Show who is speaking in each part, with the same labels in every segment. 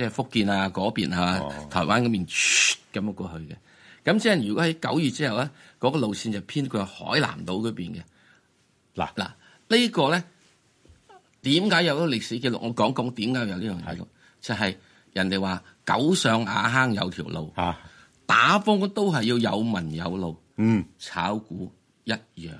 Speaker 1: 即係福建啊嗰邊吓，那邊啊哦、台灣嗰邊咁樣過去嘅。咁即係如果喺九月之後咧，嗰、那個路線就偏過海南島嗰邊嘅。嗱嗱喇，喇這個、呢為什麼個咧點解有個歷史記錄？我講講點解有呢樣嘢就係人哋話九上瓦坑有條路，啊、打風都係要有文有路。嗯，炒股一樣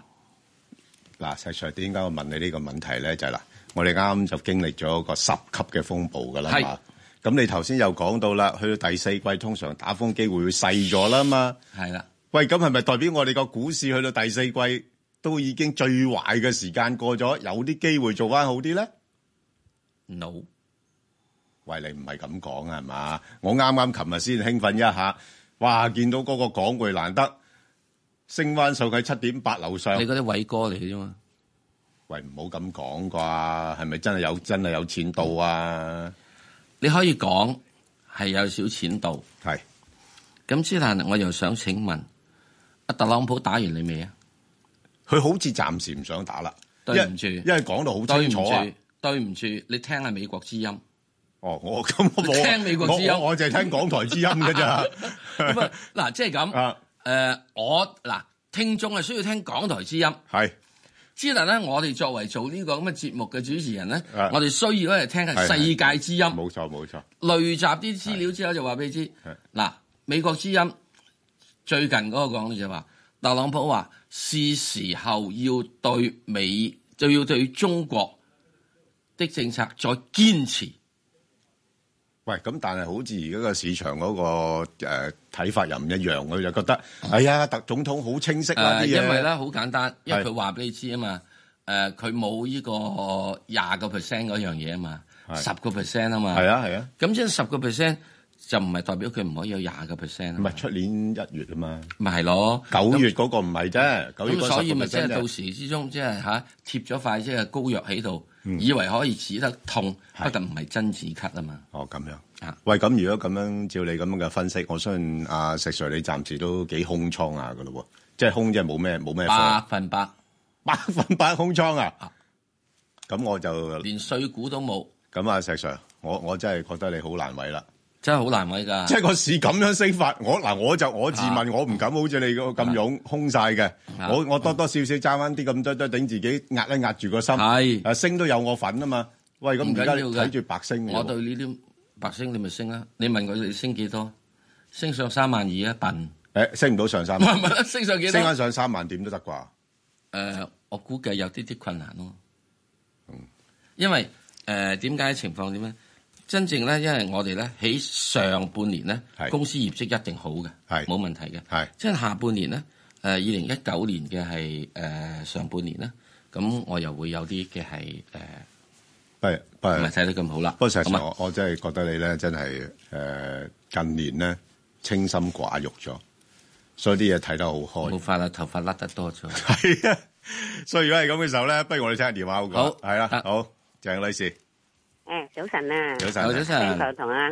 Speaker 1: 嗱。石 Sir，點解我問
Speaker 2: 你呢個問題咧？就係、是、嗱，我哋啱啱就經歷咗一個十級嘅風暴噶啦咁你頭先又講到啦，去到第四季通常打風機會會細咗啦嘛。係啦，喂，咁係咪代表我哋個股市去到第四季都已經最壞嘅時間過咗，有啲機會做翻好啲咧？No，喂，你唔係咁講啊，係嘛？我啱啱琴日先興奮一下，哇！見到嗰個港匯難得升翻，收喺七點八樓上。你嗰啲偉哥嚟嘅啫嘛？喂，唔
Speaker 1: 好咁講啩，係咪真係有真係有錢到啊？你可以講係有少錢度，係是。咁之但，我又想請問阿特朗普打完你未啊？佢好似暫時唔想打啦。對唔住，因為講到好清楚啊。對唔住，對唔住，你聽下美國之音。哦，我咁我聽美國之音，哦、我就係聽，聽港台之音㗎咋。咁嗱， 即係咁。我嗱、啊、聽眾係需要聽港台之音。係。之但咧，我哋作為做呢個咁嘅節目嘅主持人咧，啊、我哋需要嚟聽世界之音，冇錯冇錯。錯錯累集啲資料之後就話俾你知，嗱，美國之音最近嗰個講嘅就話，特朗普話是時候要對美就要對中國的政策再堅持。
Speaker 2: 喂，咁但係好似而家個市場嗰、那個睇、呃、法又唔一樣，佢就覺得係啊、哎，
Speaker 1: 特總統好清晰嗰啲嘢。因為咧好簡單，是因為佢話俾你知啊嘛，誒佢冇呢個廿個 percent 嗰樣嘢啊嘛，十個 percent 啊嘛。係啊係啊，咁、啊、即係十個 percent 就唔係代表佢唔可以有廿個 percent 唔係出年一月啊嘛。唔係
Speaker 2: 咯，九月嗰個唔係啫。九月。咁所以咪即係到時
Speaker 1: 之中即係嚇貼咗塊即係膏藥喺度。就是嗯、以為可以止得痛，但唔係真止咳啊嘛。哦，咁樣。啊、
Speaker 2: 喂，咁如果咁樣照你咁樣嘅分析，我相信阿、啊、石 Sir 你暫時都幾空倉啊嘅咯喎，即係空即係冇咩冇咩貨。百分百，百分百空倉啊。咁、啊、我就連碎股都冇。咁啊，石 Sir，我我真係覺得你好難
Speaker 1: 為啦。真係好難為噶，即係個市
Speaker 2: 咁樣升法，我嗱我就我自問，我唔敢好似你個咁勇空晒嘅，我我多多少少揸翻啲咁多都頂自己壓一壓住個心，係，
Speaker 1: 啊升都有我份啊嘛，喂咁而家睇住白升，我對呢啲白升你咪升啦，你問佢要升幾多，升上三萬二啊，笨，誒升唔到上三萬，升上幾多？升翻上三萬點都得啩？誒，我估計有啲啲困難咯，嗯，因為誒點解情況點咧？真正咧，因為我哋咧喺上半年咧，是公司業績一定好嘅，冇是問題嘅。是即係下半年咧，誒二零一九年嘅係、呃、上半年呢，咁我又會有啲嘅係
Speaker 2: 誒，唔係睇得咁好啦。不過成我我
Speaker 1: 真係覺得你咧
Speaker 2: 真係、呃、近年咧清心寡欲咗，所以啲嘢睇得好開。好快啦，頭髮甩得多咗。係啊，所以如果係咁嘅時候咧，不如我哋聽下電話好過，係啦、啊，啊、好，鄭女士。
Speaker 3: 誒，早晨啊！早晨，教授同阿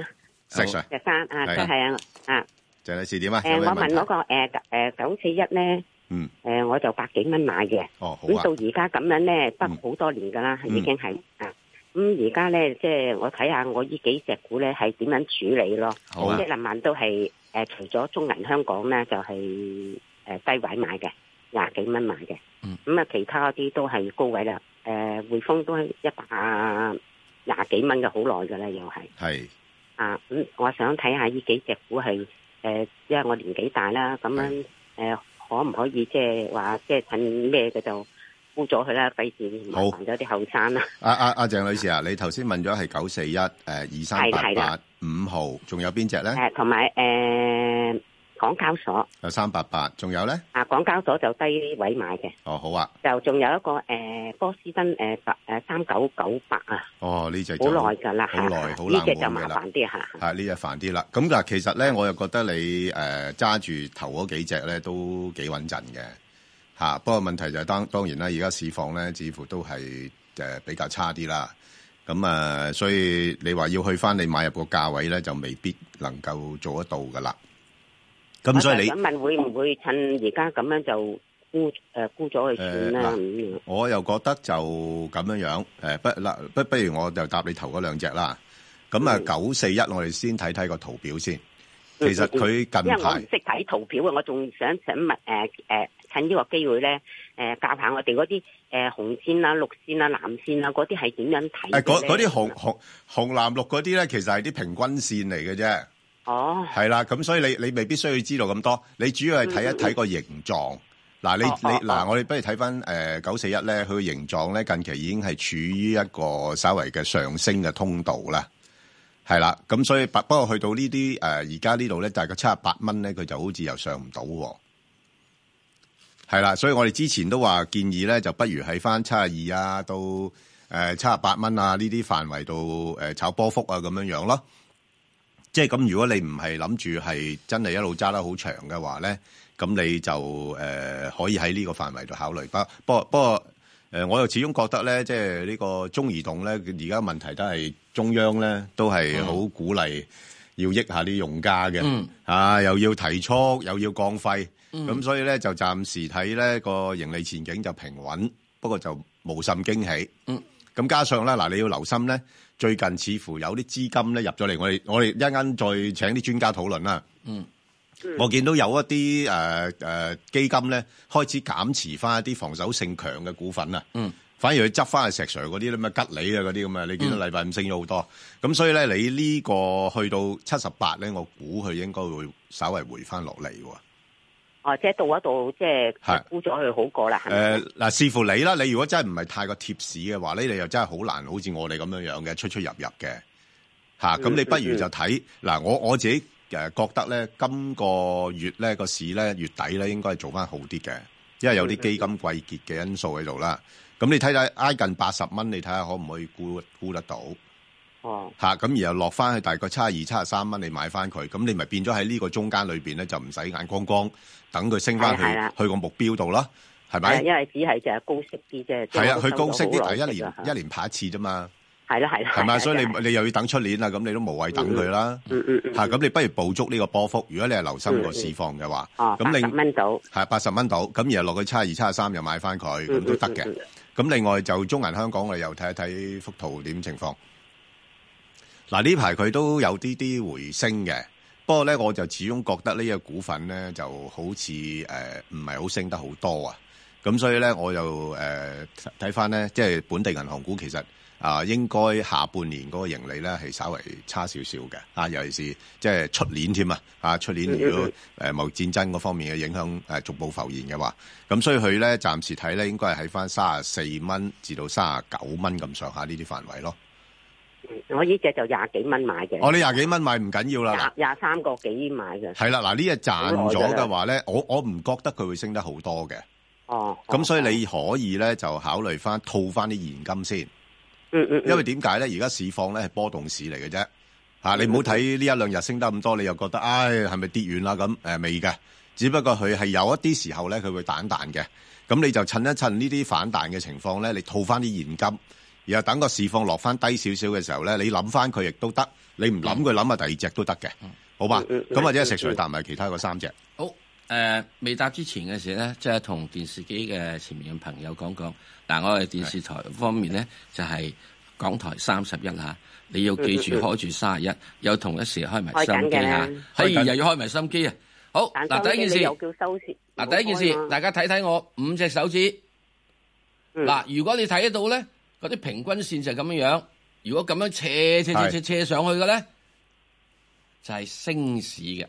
Speaker 2: 石石山啊，都係啊啊！鄭女士點啊？誒，我問嗰個
Speaker 3: 誒誒九四一咧，嗯，誒我就百幾蚊買嘅，哦好啊！咁到而家咁樣咧，得好多年噶啦，已經係啊，咁而家咧即係我睇下我呢幾隻股咧係點樣處理咯，好啊！一兩萬都係誒，除咗中銀香港咧就係誒低位買嘅廿幾蚊買嘅，嗯，咁啊其他啲都係高位啦，誒匯豐都係一百。廿幾蚊嘅好耐嘅啦，又係。係啊，咁我想睇下呢幾隻股係，誒，因為我年紀大啦，咁樣誒，可唔可以即係話即係趁咩嘅就沽咗佢啦，費事麻煩咗啲後生啦。
Speaker 2: 阿阿阿鄭女士啊，你頭先問咗係九四一誒二三八八五號，仲有邊隻咧？誒，同埋誒。港交所有、啊、三八八，仲有咧
Speaker 3: 啊！港交所就低位買嘅哦，好啊，就仲有一個誒、呃、波司登誒，誒三九九
Speaker 2: 八啊。哦很冷、啊，呢隻好耐噶啦，好耐好難嘅呢隻就麻煩啲吓、啊這個，啊呢隻煩啲啦。咁嗱、啊，其實咧，我又覺得你誒揸住頭嗰幾隻咧都幾穩陣嘅吓。不過問題就係、是、當當然啦，而家市況咧，似乎都係誒、呃、比較差啲啦。咁啊，所以你話要去翻你買入個價位咧，就未必能夠做得到噶啦。咁所以你想問
Speaker 3: 會唔會趁而家咁樣就沽、誒沽咗佢算咧？
Speaker 2: 我又覺得就咁樣樣誒、不、嗱、不不如我就答你頭嗰兩隻啦。咁啊，九四一我哋先睇睇個圖表先。其實佢近排因
Speaker 3: 為我唔識睇圖表啊，我仲想想問誒、誒、趁呢個機會咧，誒教下我哋嗰啲誒紅線啦、綠線啦、藍線啦嗰啲係點樣睇？誒、嗰嗰啲紅
Speaker 2: 紅紅藍綠嗰啲咧，其實係啲平均線嚟嘅啫。係啦，咁、啊、所以你你未必需要知道咁多，你主要係睇一睇個形狀。嗱、啊啊，你你嗱、啊，我哋不如睇翻誒九四一咧，佢、呃、形狀咧近期已經係處於一個稍微嘅上升嘅通道啦。係啦，咁所以不不過去到這些、呃、現在這呢啲誒而家呢度咧，大概七十八蚊咧，佢就好似又上唔到。係啦，所以我哋之前都話建議咧，就不如喺翻七十二啊到誒七十八蚊啊呢啲範圍度誒炒波幅啊咁樣樣咯。即係咁，如果你唔係諗住係真係一路揸得好長嘅話咧，咁你就誒、呃、可以喺呢個範圍度考慮。不過不過不過誒，我又始終覺得咧，即係呢個中移動咧，而家問題都係中央咧都係好鼓勵要益下啲用家嘅，嗯、啊又要提速又要降費，咁、嗯、所以咧就暫時睇咧個盈利前景就平穩，不過就冇甚驚喜。嗯，咁加上咧嗱，你要留心咧。最近似乎有啲資金咧入咗嚟，我哋我哋一陣間再請啲專家討論啦。嗯，我見到有一啲誒誒基金咧開始減持翻一啲防守性強嘅股份啊。嗯，反而佢執翻阿石 Sir 嗰啲咁嘅吉利啊嗰啲咁啊，你見到禮拜五升咗好多。咁、嗯、所以咧，你呢個去到七十八咧，我估佢應該會稍為回翻落嚟喎。
Speaker 3: 哦，即、就、係、是、到一度，即係沽咗佢好過
Speaker 2: 啦。誒是，嗱、呃，視乎你啦。你如果真係唔係太過貼市嘅話，呢你又真係好難，好似我哋咁樣樣嘅出出入入嘅。吓，咁你不如就睇嗱，嗯嗯、我我自己誒覺得咧，今個月咧個市咧月底咧應該係做翻好啲嘅，因為有啲基金季結嘅因素喺度啦。咁、嗯、你睇睇挨近八十蚊，你睇下可唔可以沽沽得到？吓咁、哦，然後落翻去大概七十二、七十三蚊，你買翻佢，咁你咪變咗喺呢個中間裏邊咧，就唔使眼光光等佢升翻去的去個目標度咯，係咪？因為只係
Speaker 3: 就係高息啲啫，係啊，佢高息啲，係一年、嗯、一
Speaker 2: 年拍一次啫嘛，
Speaker 3: 係啦係啦，係嘛，所以你
Speaker 2: 你又要等出年啦，咁你都無謂等佢啦，吓咁、嗯嗯嗯、你不如捕捉呢個波幅，如果你係留心個市況嘅話，咁、嗯嗯、你蚊到係八十蚊到，咁、哦、然後落去七十二、七十三又買翻佢，咁都得嘅。咁、嗯嗯嗯、另外就中銀香港，我哋又睇一睇幅圖點情況。嗱呢排佢都有啲啲回升嘅，不過咧我就始終覺得呢個股份咧就好似誒唔係好升得好多啊，咁所以咧我就誒睇翻咧，即、呃、係、就是、本地銀行股其實啊、呃、應該下半年嗰個盈利咧係稍微差少少嘅啊，尤其是即係出年添啊，出年如果誒貿易戰爭嗰方面嘅影響、啊、逐步浮現嘅話，咁所以佢咧暫時睇咧應該係喺翻三十四蚊至到三十九蚊咁上下呢啲範圍咯。我呢隻就廿幾蚊買嘅。哦，你廿幾蚊買唔緊要啦。廿三個
Speaker 3: 幾買嘅。係啦，嗱
Speaker 2: 呢隻賺咗嘅話咧，我我唔覺得佢會升得好多嘅。哦。咁所以你可以咧就考慮翻套翻啲現金先。嗯，嗯嗯。因為點解咧？而家市況咧係波動市嚟嘅啫。吓、嗯嗯，你唔好睇呢一兩日升得咁多，你又覺得唉，係、哎、咪跌遠啦？咁誒未嘅。只不過佢係有一啲時候咧，佢會彈彈嘅。咁你就趁一趁呢啲反彈嘅情況咧，你套翻啲現金。然後等個市放落翻低少少嘅時候咧，你諗翻佢亦都得，你唔諗佢諗下第二隻都得嘅，好吧？咁或者食水搭埋其他嗰三隻。
Speaker 1: 好，誒、呃、未搭之前嘅時候咧，即係同電視機嘅前面嘅朋友講講。嗱，我哋電視台方面咧是就係港台三十一嚇，你要記住開住三十一，嗯、又同一時開埋心機、啊、可係著又要開埋心機啊！好，嗱第一件事又叫
Speaker 3: 收線嗱、啊、第一件事，大
Speaker 1: 家睇睇我五隻手指。嗱、嗯，如果你睇得到咧。嗰啲平均線就係咁樣如果咁樣斜斜斜斜斜上去嘅咧，是就係升市嘅，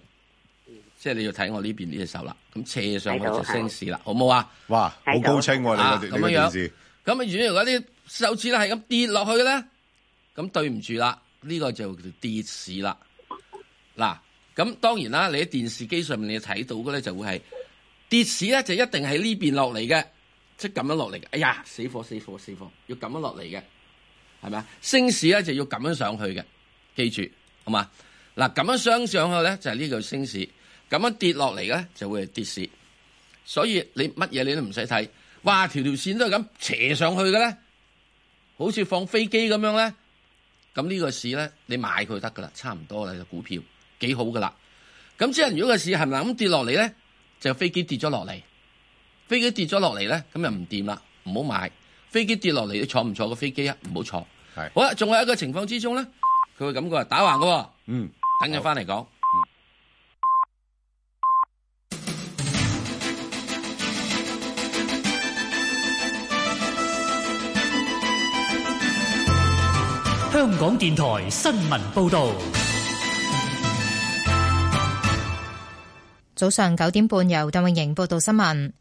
Speaker 1: 即係你要睇我呢邊呢隻手啦。咁斜上去就升市啦，好冇啊？的哇，好高清喎、啊！你個的你個電視咁啊！樣如果啲手指咧係咁跌落去嘅咧，咁對唔住啦，呢、呢個就叫跌市啦。嗱、啊，咁當然啦，你喺電視機上面你睇到嘅咧就會係跌市咧，就一定係呢邊落嚟嘅。即係咁樣落嚟嘅，哎呀，死火、死火、死火，要咁樣落嚟嘅，係咪啊？升市咧就要咁樣上去嘅，記住好嘛？嗱，咁樣升上，上去咧就係呢個升市，咁樣跌落嚟嘅咧就會係跌市。所以你乜嘢你都唔使睇，哇，條條線都係咁斜上去嘅咧，好似放飛機咁樣咧，咁呢個市咧你買佢得噶啦，差唔多啦，股票幾好噶啦。咁即係如果個市係咪咁跌落嚟咧，就飛機跌咗落嚟。飛機跌咗落嚟咧，咁就唔掂啦，唔好買。飛機跌落嚟，你坐唔坐個飛機啊？唔好坐。係好啦，仲有一個情況之中咧，佢會感覺係打橫嘅。嗯，等陣翻嚟講。
Speaker 4: 香港電台新聞報導，嗯、
Speaker 5: 早上九點半由鄧永盈報道新聞。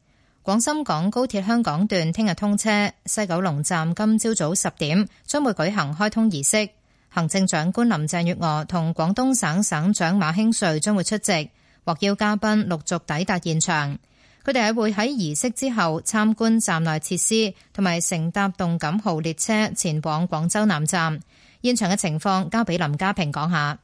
Speaker 5: 廣深港高鐵香港段聽日通車，西九龍站今朝早十點將會舉行開通儀式。行政長官林鄭月娥同廣東省省長馬興瑞將會出席，獲邀嘉賓陸續抵達現場。佢哋喺會喺儀式之後參觀站內設施，同埋乘搭動感號列車前往廣州南站。現場嘅情況交俾林家平講下。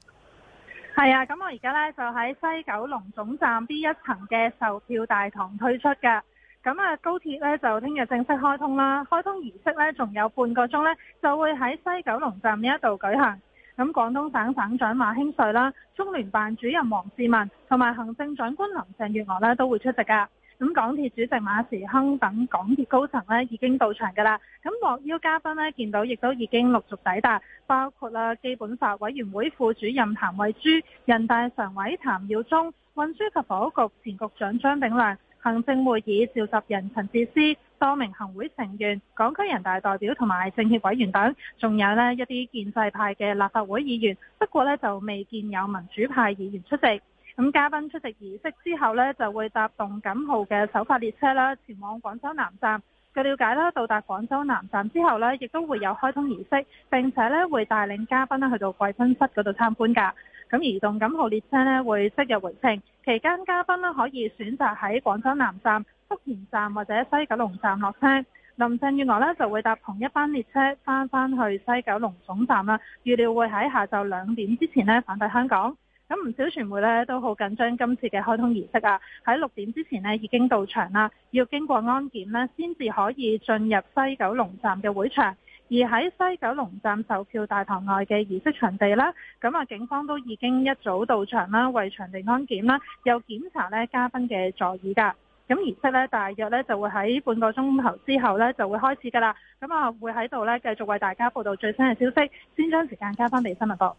Speaker 6: 係啊，咁我而家呢就喺西九龍總站 B 一層嘅售票大堂推出噶。咁啊，高鐵咧就聽日正式開通啦！開通儀式咧仲有半個鐘咧，就會喺西九龍站呢一度舉行。咁廣東省省長馬興瑞啦，中聯辦主任王志文同埋行政長官林鄭月娥呢，都會出席噶。咁港鐵主席馬時亨等港鐵高層呢，已經到場噶啦。咁獲邀嘉賓呢，見到亦都已經陸續抵達，包括啦基本法委員會副主任譚惠珠、人大常委譚耀宗、運輸及房屋局前局長張炳良。行政會議召集人陳智思、多名行會成員、港區人大代表同埋政協委員等，仲有呢一啲建制派嘅立法會議員。不過呢，就未見有民主派議員出席。咁嘉賓出席儀式之後呢，就會搭動感號嘅首發列車啦，前往廣州南站。據了解啦，到達廣州南站之後呢，亦都會有開通儀式，並且呢會帶領嘉賓去到貴賓室嗰度參觀㗎。咁移動錦號列車呢，會進入回程。期間嘉賓呢，可以選擇喺廣州南站、福田站或者西九龍站落車。林鄭月娥呢，就會搭同一班列車翻返去西九龍總站啦，預料會喺下晝兩點之前咧返抵香港。咁唔少傳媒呢，都好緊張今次嘅開通儀式啊，喺六點之前呢，已經到場啦，要經過安檢呢，先至可以進入西九龍站嘅會場。而喺西九龍站售票大堂外嘅儀式場地啦，咁啊警方都已經一早到場啦，為場地安檢啦，又檢查咧嘉賓嘅座椅噶。咁儀式咧大約咧就會喺半個鐘頭之後咧就會開始噶啦。咁我會喺度咧繼續為大家報道最新嘅消息，先將時間交翻俾新聞部。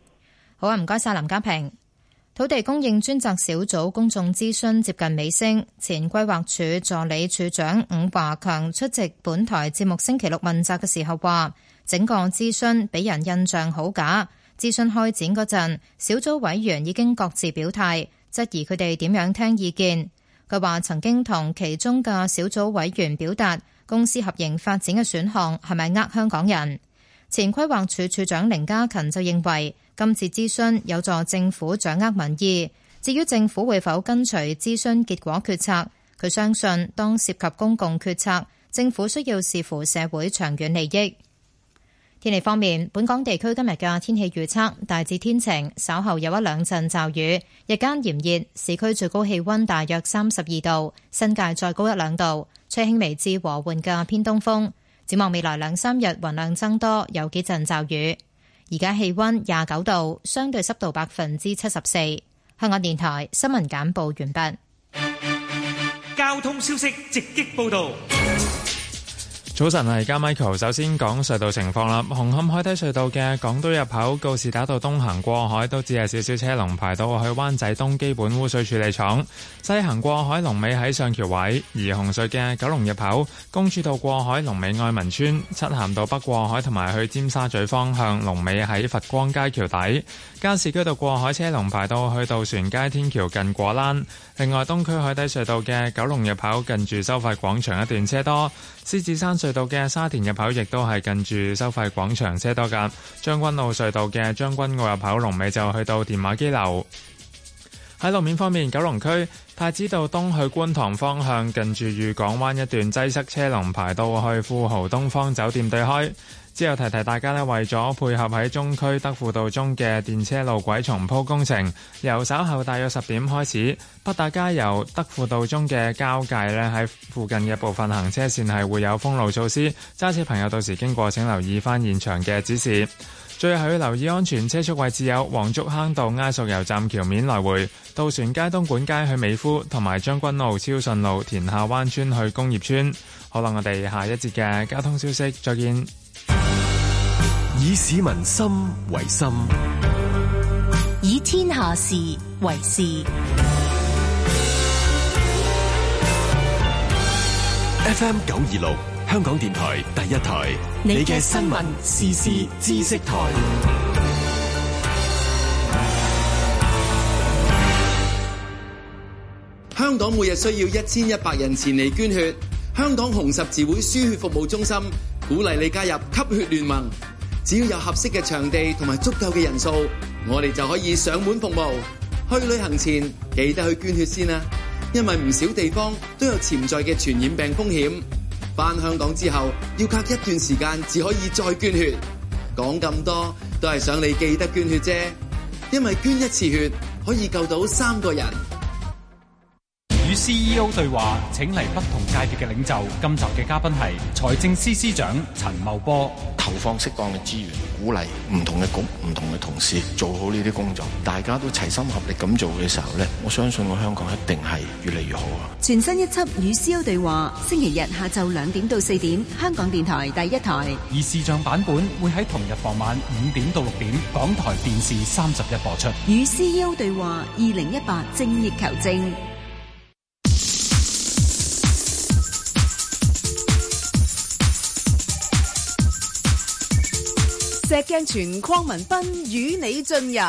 Speaker 5: 好啊，唔該晒，林家平。土地供應專責小組公眾諮詢接近尾聲，前規劃署助理處長伍華強出席本台節目星期六問責嘅時候話：整個諮詢俾人印象好假。諮詢開展嗰陣小組委員已經各自表態質疑佢哋點樣聽意見，佢話曾經同其中嘅小組委員表達公司合營發展嘅選項係咪呃香港人？前規劃署署長凌家勤就認為。今次諮詢有助政府掌握民意。至於政府會否跟隨諮詢結果決策，佢相信當涉及公共決策，政府需要視乎社會長遠利益。天氣方面，本港地區今日嘅天氣預測大致天晴，稍後有一兩陣驟雨，日間炎熱，市區最高氣温大約三十二度，新界再高一兩度，吹輕微至和緩嘅偏東風。展望未來兩三日，雲量增多，有幾陣驟雨。而家氣溫廿九度，相對濕度百分之七十四。香港電台新聞簡報完畢。交
Speaker 4: 通消息直擊報道。
Speaker 7: 早晨，係家 Michael。首先講隧道情況啦。紅磡海底隧道嘅港島入口告士打道東行過海都只係少少車龍排到去灣仔東基本污水處理廠。西行過海龍尾喺上橋位。而紅隧嘅九龍入口公主道過海龍尾愛民村。漆鹹道北過海同埋去尖沙咀方向龍尾喺佛光街橋底。加士居道過海車龍排到去渡船街天橋近果欄。另外，東區海底隧道嘅九龍入口近住收費廣場一段車多；獅子山隧道嘅沙田入口亦都係近住收費廣場車多㗎。將軍澳隧道嘅將軍澳入口龍尾就去到電話機樓。喺路面方面，九龍區太子道東去觀塘方向近住御港灣一段擠塞，車龍排到去富豪東方酒店對開。之後提提大家呢，為咗配合喺中區德輔道中嘅電車路軌重鋪工程，由稍後大約十點開始，北大街由德輔道中嘅交界呢，喺附近嘅部分行車線係會有封路措施。揸車朋友到時經過請留意翻現場嘅指示。最後要留意安全車速位置，有黃竹坑道亞索油站橋面來回、渡船街、東莞街去美孚，同埋將軍澳超順路、田下灣村去工業村。好啦，我哋下一節嘅交通消息，再見。以市民心為心，以天
Speaker 8: 下事為事。
Speaker 2: FM 九二六，香港電台第一台，你嘅新
Speaker 1: 聞、新聞時事、知識台。香港每日需要一千一百人前嚟捐血，香港紅十字會輸血服務中心。鼓勵你加入吸血聯盟，只要有合適嘅場地同埋足夠嘅人數，我哋就可以上門服務。去旅行前記得去捐血先啦，因為唔少地方都有潛在嘅傳染病風險。返香港之後要隔一段時間，至可以再捐血。講咁多都係想你記得捐血啫，因為捐一次血可以救到三個人。
Speaker 7: 與 CEO 對話，請嚟不同界別嘅領袖。今集嘅嘉賓係財政司司長陳茂波。
Speaker 9: 投
Speaker 1: 放適當嘅資源，鼓勵唔同嘅局、唔同嘅同事做好呢啲工作。大家都齊心合力咁做嘅時候呢，我相信我香港一定係越嚟越好啊！
Speaker 5: 全新一輯《與 CEO 對話》，星期日下晝兩點到四點，香港電台第一台；
Speaker 7: 而視像版本會喺同日傍晚五點到六點，港台電視三十一播出。《
Speaker 5: 與 CEO 對話》二零一八，正業求證。
Speaker 10: 石鏡泉、鄺民彬與你進入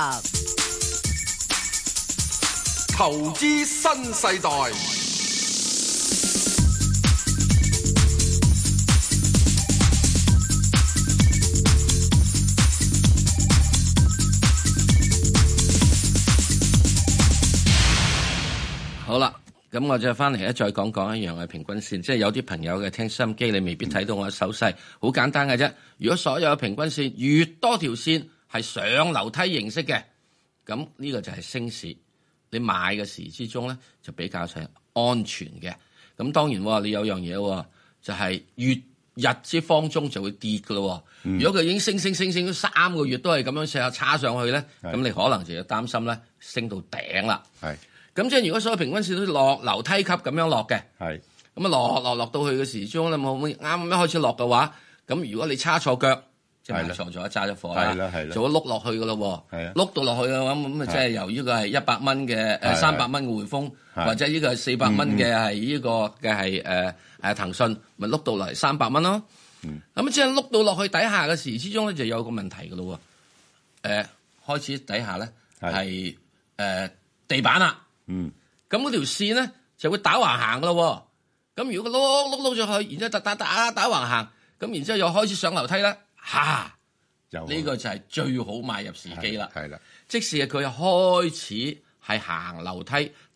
Speaker 9: 投資新世代，
Speaker 1: 好啦。咁我就翻嚟咧，再講講一樣嘅平均線，即、就、係、是、有啲朋友嘅聽收音機，你未必睇到我嘅手勢，好、嗯、簡單嘅啫。如果所有嘅平均線越多條線係上樓梯形式嘅，咁呢個就係升市，你買嘅時之中咧就比較上安全嘅。咁當然喎，你有樣嘢喎，就係、是、月日之方中就會跌噶咯。嗯、如果佢已經升升升升咗三個月都係咁樣上下叉上去咧，咁你可能就要擔心咧是的 升到頂啦。咁即係如果所有平均線都落樓梯級咁樣落嘅，係咁啊落落落到去嘅時鐘咧，冇冇啱啱開始落嘅話，咁如果你叉錯腳，即係叉錯咗揸咗貨啦，做咗碌落去噶咯喎，碌到落去嘅話，咁咪即係由依個係一百蚊嘅誒三百蚊嘅匯豐，或者依個四百蚊嘅係呢個嘅係誒誒騰訊，咪碌到落嚟三百蚊咯。咁即係碌到落去底下嘅時之中咧，就有個問題噶咯喎。誒開始底下咧係誒地板啦。嗯，咁嗰條線咧就會打橫行噶咯、啊，咁如果佢碌碌碌咗去，然之後打打打打橫行，咁然之後又開始上樓梯啦，吓、啊，就呢個就係最好買入時機啦，係啦，是即使是佢開始係行樓梯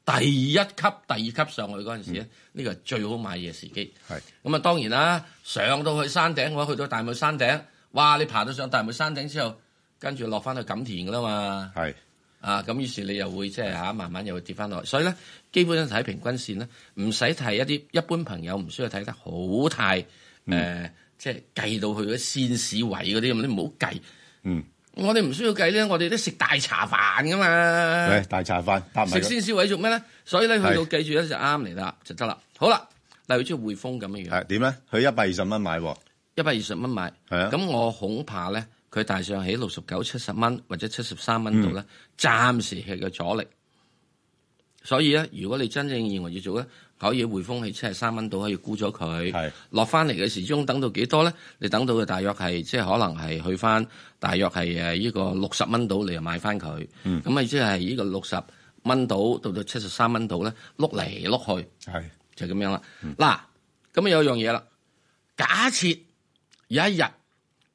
Speaker 1: 第一級、第二級上去嗰陣時咧，呢個、嗯、係最好買嘢時機，係的，咁啊當然啦，上到去山頂嘅話，去到大帽山頂，哇，你爬到上大帽山頂之後，跟住落翻去錦田噶啦嘛，係。啊，咁於是你又會即係、啊、慢慢又會跌翻落，所以咧，基本上睇平均線咧，唔使睇一啲一般朋友唔需要睇得好太、嗯呃、即係計到去嗰線市位嗰啲咁，你唔好計。嗯，我哋唔需要計咧，我哋都食大茶飯㗎嘛。喂，大茶飯，食線市位做咩咧？所以咧，去到記住咧就啱嚟啦，是就得啦。好啦，例如出匯豐咁樣樣。係點咧？佢一百二十蚊買喎、啊，一百二十蚊買。係啊，咁我恐怕咧。佢大上起六十九、七十蚊或者七十三蚊度咧，嗯、暫時係個阻力。所以咧，如果你真正認為要做咧，可以匯豐起七十三蚊度可以沽咗佢，是 落翻嚟嘅時候等到幾多咧？你等到佢大約係即係可能係去翻大約係呢個六十蚊度，你又買翻佢。咁啊、嗯，即係呢個六十蚊度到到七十三蚊度咧，碌嚟碌去，是 就咁樣啦。嗱、嗯，咁啊有樣嘢啦，假設有一日。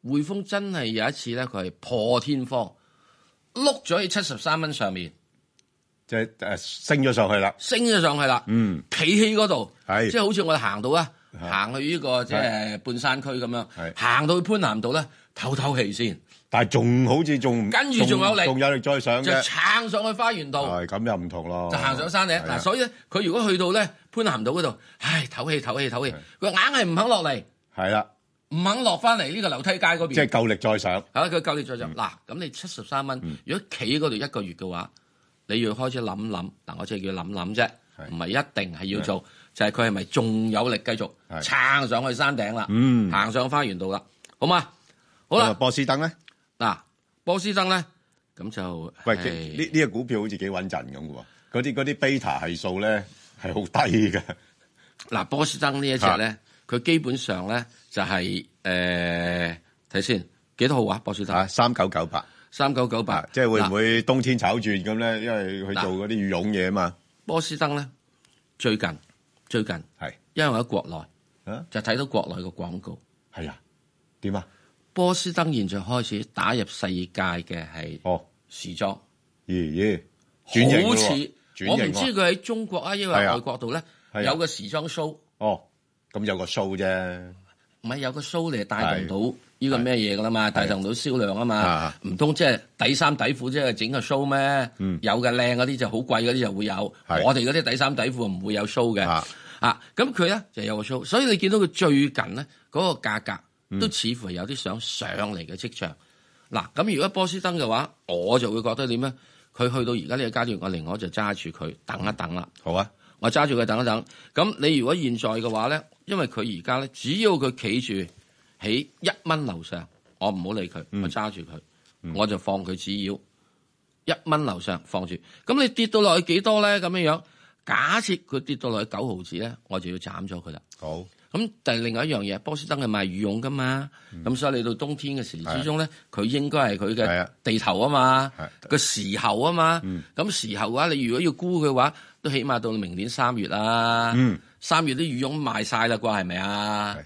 Speaker 1: 匯豐真係有一次咧，佢係破天荒碌咗喺七十三蚊上面，即係升咗上去啦，升咗上去啦，嗯，企喺嗰度，即係好似我哋行到啊行去呢個即係半山區咁樣，行到去般咸道咧，透透氣先，但係仲好似仲跟住仲有力，仲有力再上就撐上去花園道，係咁又唔同咯，就行上山頂嗱，所以咧，佢如果去到咧般咸道嗰度，唉唞氣唞氣唞氣，佢硬係唔肯落嚟，係啦。唔肯落翻嚟呢個樓梯街嗰邊，即係夠力再上係咯。佢夠力再上嗱，咁你七十三蚊，如果企嗰度一個月嘅話，你要開始諗諗嗱，我即係叫諗諗啫，唔係一定係要做就係佢係咪仲有力繼續撐上去山頂啦？嗯，行上花園度啦，好嘛？好啦，波斯登咧嗱，波斯登咧咁就喂，呢呢隻股
Speaker 2: 票好似幾穩陣咁喎，嗰啲嗰啲 beta 係數咧係好低㗎。
Speaker 1: 嗱。波斯登呢一隻咧，佢基本上咧。就係誒睇先幾多號啊？波司登三九九八三九九八，即係會唔會冬天炒轉咁咧？因為佢做嗰啲羽絨嘢嘛。波司登咧最近最近，係因為我喺國內啊，就睇到國內嘅廣告係啊。點啊？波司登現在開始打入世界嘅係時裝，咦咦，
Speaker 5: 轉型我唔知佢喺
Speaker 1: 中國啊，因為外國度咧有個時裝 show 哦，咁有個 show 啫。唔係有個 show 嚟帶動到呢個咩嘢噶啦嘛，帶是動到銷量啊嘛，唔通即係底衫底褲即係整個 show 咩？嗯、有嘅靚嗰啲就好貴，嗰啲就會有，的我哋嗰啲底衫底褲唔會有 show 嘅。的啊，咁佢咧就是、有個 show，所以你見到佢最近咧嗰、那個價格都似乎係有啲想上嚟嘅跡象。嗱、嗯，咁如果波司登嘅話，我就會覺得點咧？佢去到而家呢個階段，我寧我就揸住佢等一等啦。好啊，我揸住佢等一等。咁你如果現在嘅話咧？因為佢而家咧，只要佢企住喺一蚊樓上，我唔好理佢，我揸住佢，嗯嗯、我就放佢只要一蚊樓上放住，咁你跌到落去幾多咧？咁樣假設佢跌到落去九毫子咧，我就要斬咗佢啦。好。咁但係另外一樣嘢，波士登係賣羽絨噶嘛，咁、嗯、所以你到冬天嘅時之中，始終咧佢應該係佢嘅地頭啊嘛，個、啊、時候啊嘛。咁、嗯、時候嘅話，你如果要沽嘅話，都起碼到明年三月啦。嗯三月啲羽絨賣晒啦，啩，係咪啊？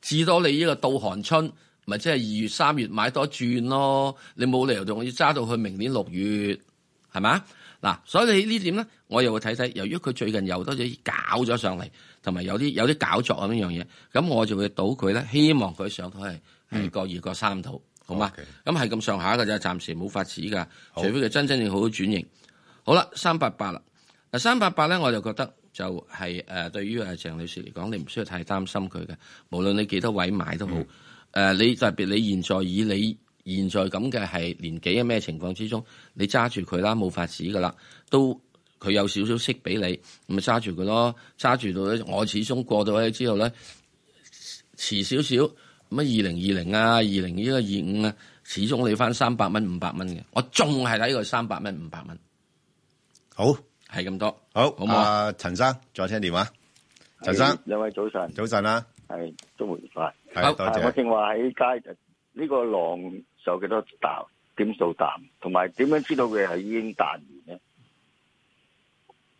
Speaker 1: 至是的 多你呢個到寒春，咪即係二月、三月買多轉咯。你冇理由仲要揸到去明年六月，係咪？嗱、啊，所以你呢點咧，我又會睇睇，由於佢最近又多隻搞咗上嚟，同埋有啲有啲搞作咁樣嘢，咁我就會賭佢咧，希望佢上台係過二個三套，好嘛？咁係咁上下噶啫，暫時冇法子噶，除非佢真真正好好轉型。好啦的，三八八啦，嗱，三八八咧，我就覺得。就係誒，對於阿鄭女士嚟講，你唔需要太擔心佢嘅。無論你幾多位買都好，誒、嗯，你、呃、特別你現在以你現在咁嘅係年紀啊，咩情況之中，你揸住佢啦，冇法子噶啦，都佢有少少息俾你，咪揸住佢咯，揸住到咧，我始終過到咧之後咧，遲少少咁啊，二零二零啊，二零呢個二五啊，始終你翻三百蚊五百蚊嘅，我仲係睇佢三百蚊五百蚊，好。係咁多，好，好唔好啊？呃，陳生，再聽電話。
Speaker 9: 陳生，兩位早晨，早晨啦，啊，係，中午愉快，係，多謝，我正話喺街，呢個浪有幾多彈？點數彈？同埋點樣知道佢係已經彈完咧？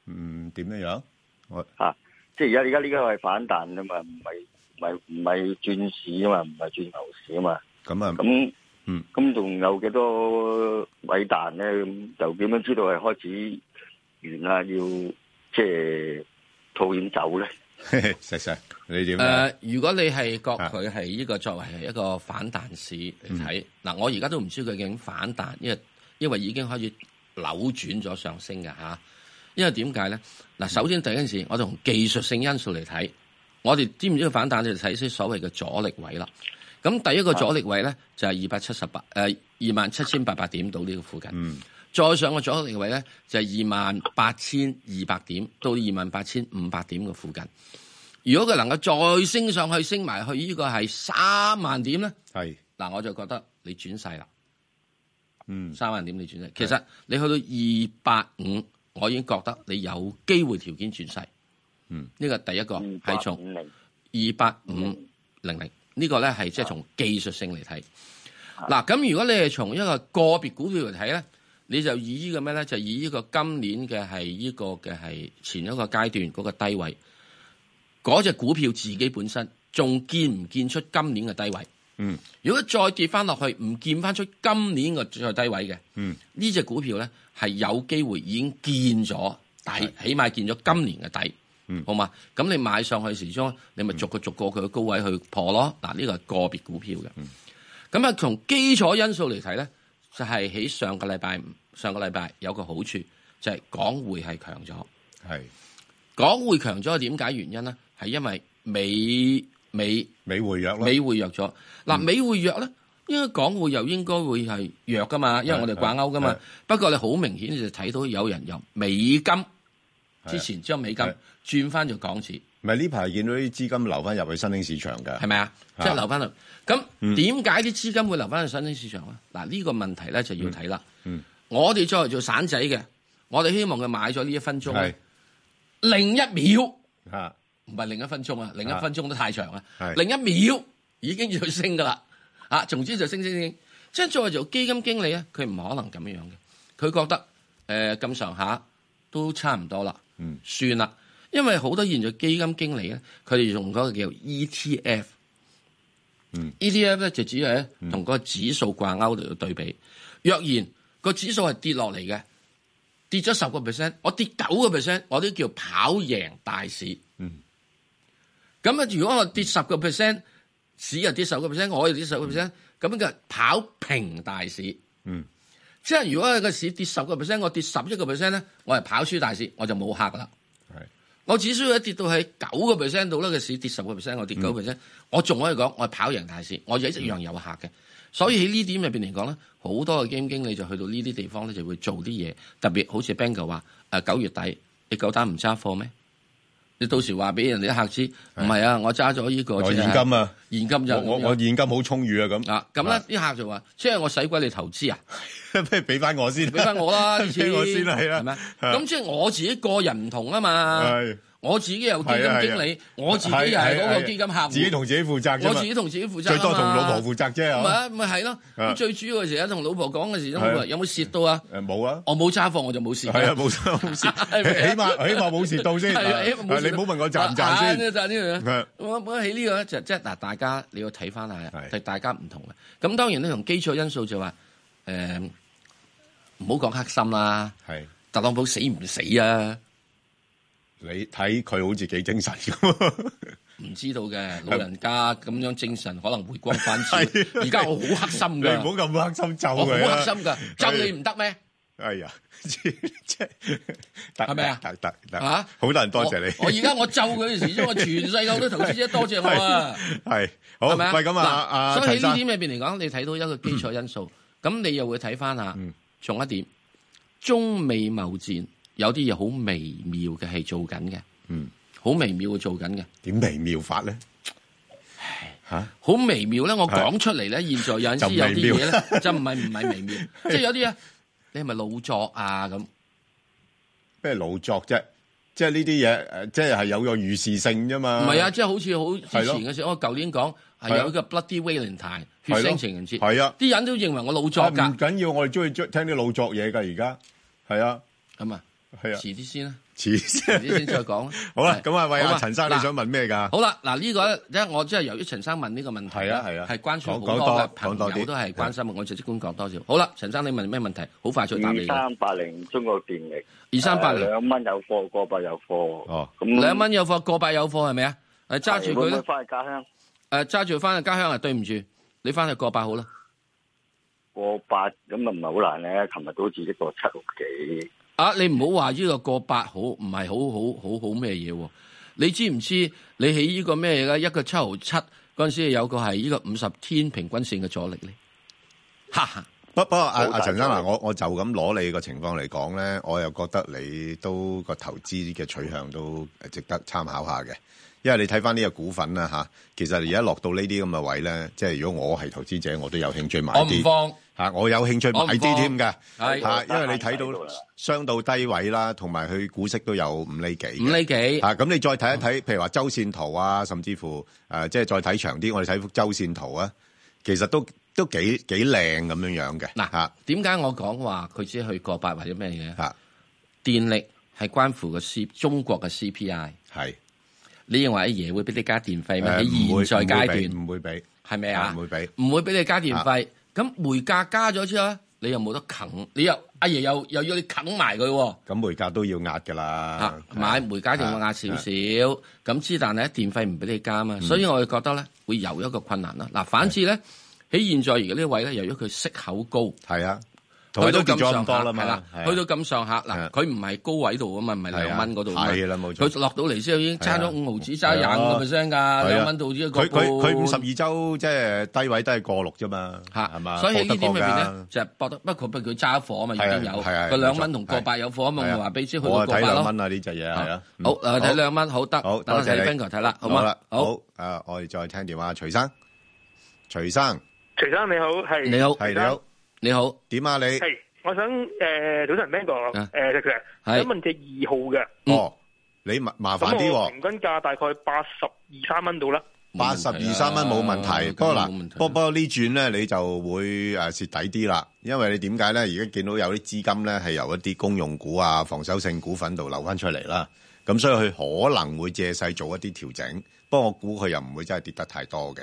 Speaker 9: 嗯，點咩樣？我吓，啊，即係而家，而家呢個係反彈啊嘛，唔係唔係唔係轉市啊嘛，唔係轉牛市啊嘛。咁啊，咁，嗯，咁仲有幾多位彈咧？咁就點樣知道係開始？完啦，原來要即係套點走咧？石石， 你點
Speaker 1: 誒，如果你係覺佢係依個作為一個反彈市嚟睇，嗱、啊，我而家都唔知佢究竟反彈，因為因為已經開始扭轉咗上升嘅吓、啊。因為點解咧？嗱，首先第一件事，我從技術性因素嚟睇，我哋知唔知道反彈就睇先所謂嘅阻力位啦。咁第一個阻力位咧就係二百七十八誒，二萬七千八百點到呢個附近。啊嗯再上個阻力位咧，就係二萬八千二百點到二萬八千五百點嘅附近。如果佢能夠再升上去，升埋去呢個係三萬點咧，係嗱是，我就覺得你轉勢啦。嗯，三萬點你轉勢，是其實你去到二八五，我已經覺得你有機會條件轉勢。嗯，呢個第一個係從二八五零零呢個咧，係即係從技術性嚟睇。嗱，咁如果你係從一個個別股票嚟睇咧。你就以這個呢個咩咧？就以呢個今年嘅係呢個嘅係前一個階段嗰個低位，嗰隻股票自己本身仲見唔見出今年嘅低位？嗯，如果再跌翻落去，唔見翻出今年嘅最低位嘅，嗯，呢隻股票咧係有機會已經見咗底，的起碼見咗今年嘅底，嗯，好嘛？咁你買上去時裝，你咪逐個逐個佢嘅高位去破咯。嗱、嗯，呢個係個別股票嘅，咁啊、嗯，從基礎因素嚟睇咧，就係喺上個禮拜五，上個禮拜有個好處，就係、係、港匯係強咗。係嘅港匯強咗，點解原因咧？係因為美美美匯弱，美匯弱咗。嗱，美匯弱咧，應該港匯又應該會係弱㗎嘛，因為我哋掛鈎㗎嘛。不過你好明顯就睇到有人由美金，之前將美金轉翻做港紙。唔係呢排見到啲資金流翻入去新興市場㗎，係咪啊？是啊即係流翻去，咁點解啲資金會流翻去新興市場啊？嗱，呢個問題咧就要睇啦。嗯、我哋作為做散仔嘅，我哋希望佢買咗呢一分鐘，是的 另一秒吓，唔係、啊、另一分鐘啊，另一分鐘都太長啊，是的 另一秒已經要升噶啦，啊，總之就升升升，即係作為做基金經理咧，佢唔可能咁樣樣嘅，佢覺得誒咁上下都差唔多啦，嗯算，算啦。因為好多現在基金經理咧，佢哋用嗰個叫 ETF，ETF、嗯、咧就只係同個指數掛鈎嚟對比。嗯、若然個指數係跌落嚟嘅，跌咗十個 percent，我跌九個 percent，我都叫跑贏大市。咁啊、嗯，如果我跌十個 percent，市又跌十個 percent，我又跌十個 percent，咁就叫跑平大市。嗯、即係如果個市跌十個 percent，我跌十一個 percent 咧，我係跑輸大市，我就冇客啦。我只需要一跌到喺九個 percent 度啦，個市跌十個 percent，我跌九 percent，嗯、我仲可以講我係跑贏大市，我係一樣遊客嘅。嗯、所以喺呢點入邊嚟講咧，好多嘅基金經理就去到呢啲地方咧，就會做啲嘢，特別好似 Ben 哥話，誒、呃、九月底你夠膽唔揸貨咩？你到時話俾人哋客知，唔係啊，我揸咗呢個我現金啊，現金就我我現金好充裕啊咁啊咁咧，啲是客就話，即係我使鬼你投資啊，不如俾翻我先，俾翻、啊嗎啊、我啦，自己，係啦，係咩？咁即係我自己個人唔同啊嘛。我自己又基金經理，我自己又係嗰個基金客戶，自己同自己負責，我自己同自己負責，最多同老婆負責啫。唔係唔係，咪係咯。最主要嘅時候同老婆講嘅時候，有冇有冇蝕到啊？冇啊，我冇揸貨，我就冇蝕。係啊，冇蝕，起碼起碼冇蝕到先。係啊，你唔好問我賺唔賺先，賺呢樣嘢。我我起呢個就即係嗱，大家你要睇翻下，係大家唔同嘅。咁當然咧，同基礎因素就話，誒，唔好講黑心啦。係特朗普死唔死啊？你睇佢好似幾精神
Speaker 2: 咁，
Speaker 1: 唔知道嘅老人家咁樣精神，可能回光返照。而家我好黑心嘅，你唔
Speaker 2: 好咁黑心，咒佢。我好黑心噶，咒你唔
Speaker 1: 得咩？係
Speaker 2: 啊，係咪啊？吓，好多人多謝你。我而家我咒佢，始終我
Speaker 1: 全世界都投資者多
Speaker 2: 謝我啊。係，好，係咁啊。所以喺呢啲
Speaker 1: 裏邊嚟講，你睇到一個基礎因素。咁你又會睇翻下，重一點，中美貿戰。有啲嘢好微妙嘅，係做緊嘅，嗯，好微妙嘅做緊嘅。點微妙法咧？吓，好微妙咧！我講出嚟咧，現在有啲有啲嘢咧，就唔係唔係微妙，即係有啲嘢，你係咪老作啊？咁
Speaker 2: 咩老作啫？即係呢啲嘢，即係係有個預示性啫嘛。唔係啊，即
Speaker 1: 係好似好之前嘅時，我舊年講係有一個 Bloody Valentine 血腥情人節，係啊，啲
Speaker 2: 人都認為我老作。唔緊要，我哋中意聽啲老作嘢噶，而家係啊，
Speaker 1: 咁啊。係啊，遲啲先啦，遲啲先再講啦。好啦，咁啊，喂阿陳生你想問咩噶？好啦，嗱呢個因為我即係由於陳生問呢個問題啦，係啊係啊，係關好多嘅朋友都係關心，我就即管講多少。好啦，陳生你問咩問題？好快脆答你。二三八零中國電力，二三八零兩
Speaker 9: 蚊有貨，過百有貨。哦，咁兩蚊
Speaker 1: 有貨，過百有貨係咪啊？誒，揸住佢咧。翻去家鄉，誒，揸住翻去家鄉啊？對唔住，你翻去過百好啦。
Speaker 9: 過百咁啊，唔係好難咧。琴日都好似一個七六幾。
Speaker 1: 啊！你唔好話呢個過百好，唔係好好好好咩嘢、啊？你知唔知你起呢個咩嘢？一個七號七七毫七嗰陣時，有個係呢個五十天平均線嘅阻力咧。哈哈！
Speaker 2: 不不過阿阿陳生嗱、啊，我我就咁攞你個情況嚟講咧，我又覺得你都個投資嘅取向都值得參考下嘅。因為你睇翻呢個股份啦，吓、啊，其實而家落到呢啲咁嘅位咧，即係如果我係投資者，我都有興趣買啲。啊！我有興趣買啲添嘅，啊，因為你睇到商道低位啦，同埋佢股息都有五厘幾。五厘幾？啊，咁你再睇一睇，譬如話週線圖啊，甚至乎誒，即係再睇長啲，我哋睇幅週線圖啊，其實都都
Speaker 1: 幾幾靚咁樣樣嘅。嗱嚇，點解我講話佢只去過百或者咩嘢？嚇，電力係關乎個 C 中國嘅 CPI 係。你認為阿爺會俾你加電費咩？喺現在階段唔會俾，係咪啊？唔會俾，唔會俾你加電費。咁煤價加咗之後啊，你又冇得啃，你又阿爺又又要你啃埋佢喎。咁煤價都要壓噶啦，吓、啊啊、買煤價就會壓少少，咁之、啊啊、但係電費唔俾你加啊嘛，嗯、所以我哋覺得咧會有一個困難啦。嗱、嗯，反之咧喺、啊、現在而家呢位咧，由於佢息口高，啊。佢都咁上下，係啦，去到咁上下啦，佢唔係高位度啊嘛，唔係兩蚊嗰度，係啦冇錯。佢落到嚟之後，已經差咗五毫子，差廿五個 percent 噶，兩蚊到個。佢佢佢五十二
Speaker 2: 周即係低位都係過六啫嘛，吓，係嘛？所以呢啲裏邊咧，
Speaker 1: 就博得不過，不過佢揸貨啊嘛，已經有。佢兩蚊同過百有貨啊嘛，我話俾知佢過百咯。兩蚊啊
Speaker 2: 呢隻嘢係啊，好，睇
Speaker 1: 兩蚊好得，我睇兵球睇啦，
Speaker 2: 好嘛？好，啊，我哋再聽電話，徐生，徐生，
Speaker 7: 徐生你好，係你好，係你好。
Speaker 2: 你好，點啊你？係，
Speaker 7: 我想誒、呃、早晨 Man 哥
Speaker 11: 誒，我、呃、是想問隻二號嘅。
Speaker 2: 嗯、哦，你麻麻煩啲，平
Speaker 11: 均價大概八
Speaker 2: 十二三蚊到啦。八十二三蚊冇問題，啊、不過啦、啊、不過呢轉咧你就會誒蝕底啲啦，因為你點解咧？而家見到有啲資金咧係由一啲公用股啊、防守性股份度流翻出嚟啦，咁所以佢可能會借勢做一啲調整，不過我估佢又唔會真係跌得太多嘅，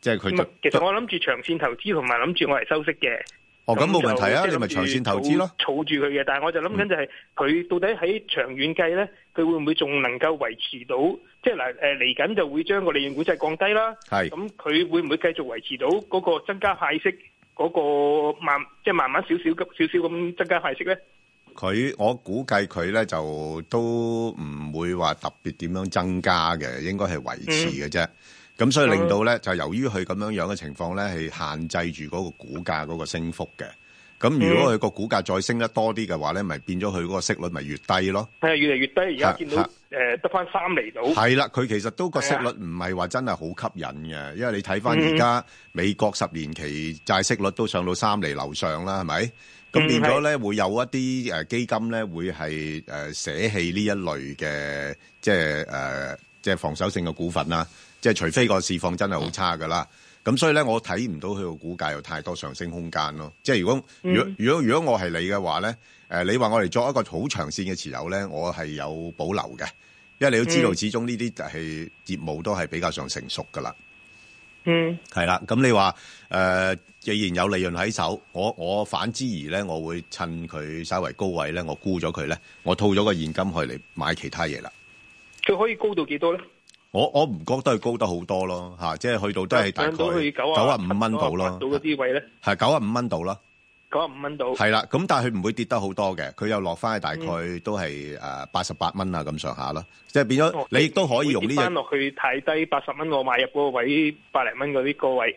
Speaker 2: 即係佢就
Speaker 7: 其實我諗住長線投資同埋諗住我嚟收息嘅。
Speaker 2: 哦、咁冇問題啊，你咪長線投資咯，
Speaker 7: 儲住佢嘅。但係我就諗緊就係佢到底喺長遠計咧，佢會唔會仲能夠維持到？嗯、即係嗱，誒
Speaker 11: 嚟緊就會將個利潤管制降低啦。係。咁佢會唔會繼續維持到嗰個增加派息嗰個慢？即係慢慢少少咁少少咁增加派息咧？
Speaker 2: 佢我估計佢咧就都唔會話特別點樣增加嘅，應該係維持嘅啫。嗯咁所以令到咧，就由於佢咁樣樣嘅情況咧，係限制住嗰個股價嗰個升幅嘅。咁如果佢個股價再升得多啲嘅話咧，咪變咗佢嗰個息率咪越低咯。係越嚟越
Speaker 11: 低，而家見到誒得翻三釐到。係啦，佢
Speaker 2: 其實都個息率唔係話真係好吸引嘅，因為你睇翻而家美國十年期債息率都上到三釐樓上啦，係咪？
Speaker 5: 咁變咗咧，
Speaker 2: 會有一啲誒基金咧會係誒捨棄呢一類嘅即係誒即係防守性嘅股份啦。即係除非個市況真係好差噶啦，咁所以咧，我睇唔到佢個股價有太多上升空間咯。即係如果如果如果如果我係你嘅話咧，誒你話我哋作一個好長線嘅持有咧，我係有保留嘅，因為你都知道，始終呢啲就係業務都係比較上成熟噶啦。嗯，係啦，咁你話誒，既然有利潤喺手，我我反之而咧，我會趁佢稍微高位咧，我沽咗佢咧，我套咗個現金去嚟買其他嘢啦。
Speaker 11: 佢可以高到幾多咧？
Speaker 2: 我我唔覺得佢高得好多咯嚇，即係去到都係大概九啊五蚊到咯。到啲位咧，係九啊五蚊到啦。九啊五蚊到。
Speaker 11: 係啦，咁但係佢
Speaker 2: 唔會跌得好多嘅，佢又落翻去大概都係誒八十八蚊啊咁上下啦。即係變咗，你亦都可以用呢隻跌翻落去
Speaker 11: 太低八十蚊，我買入嗰個位百零蚊嗰啲個位。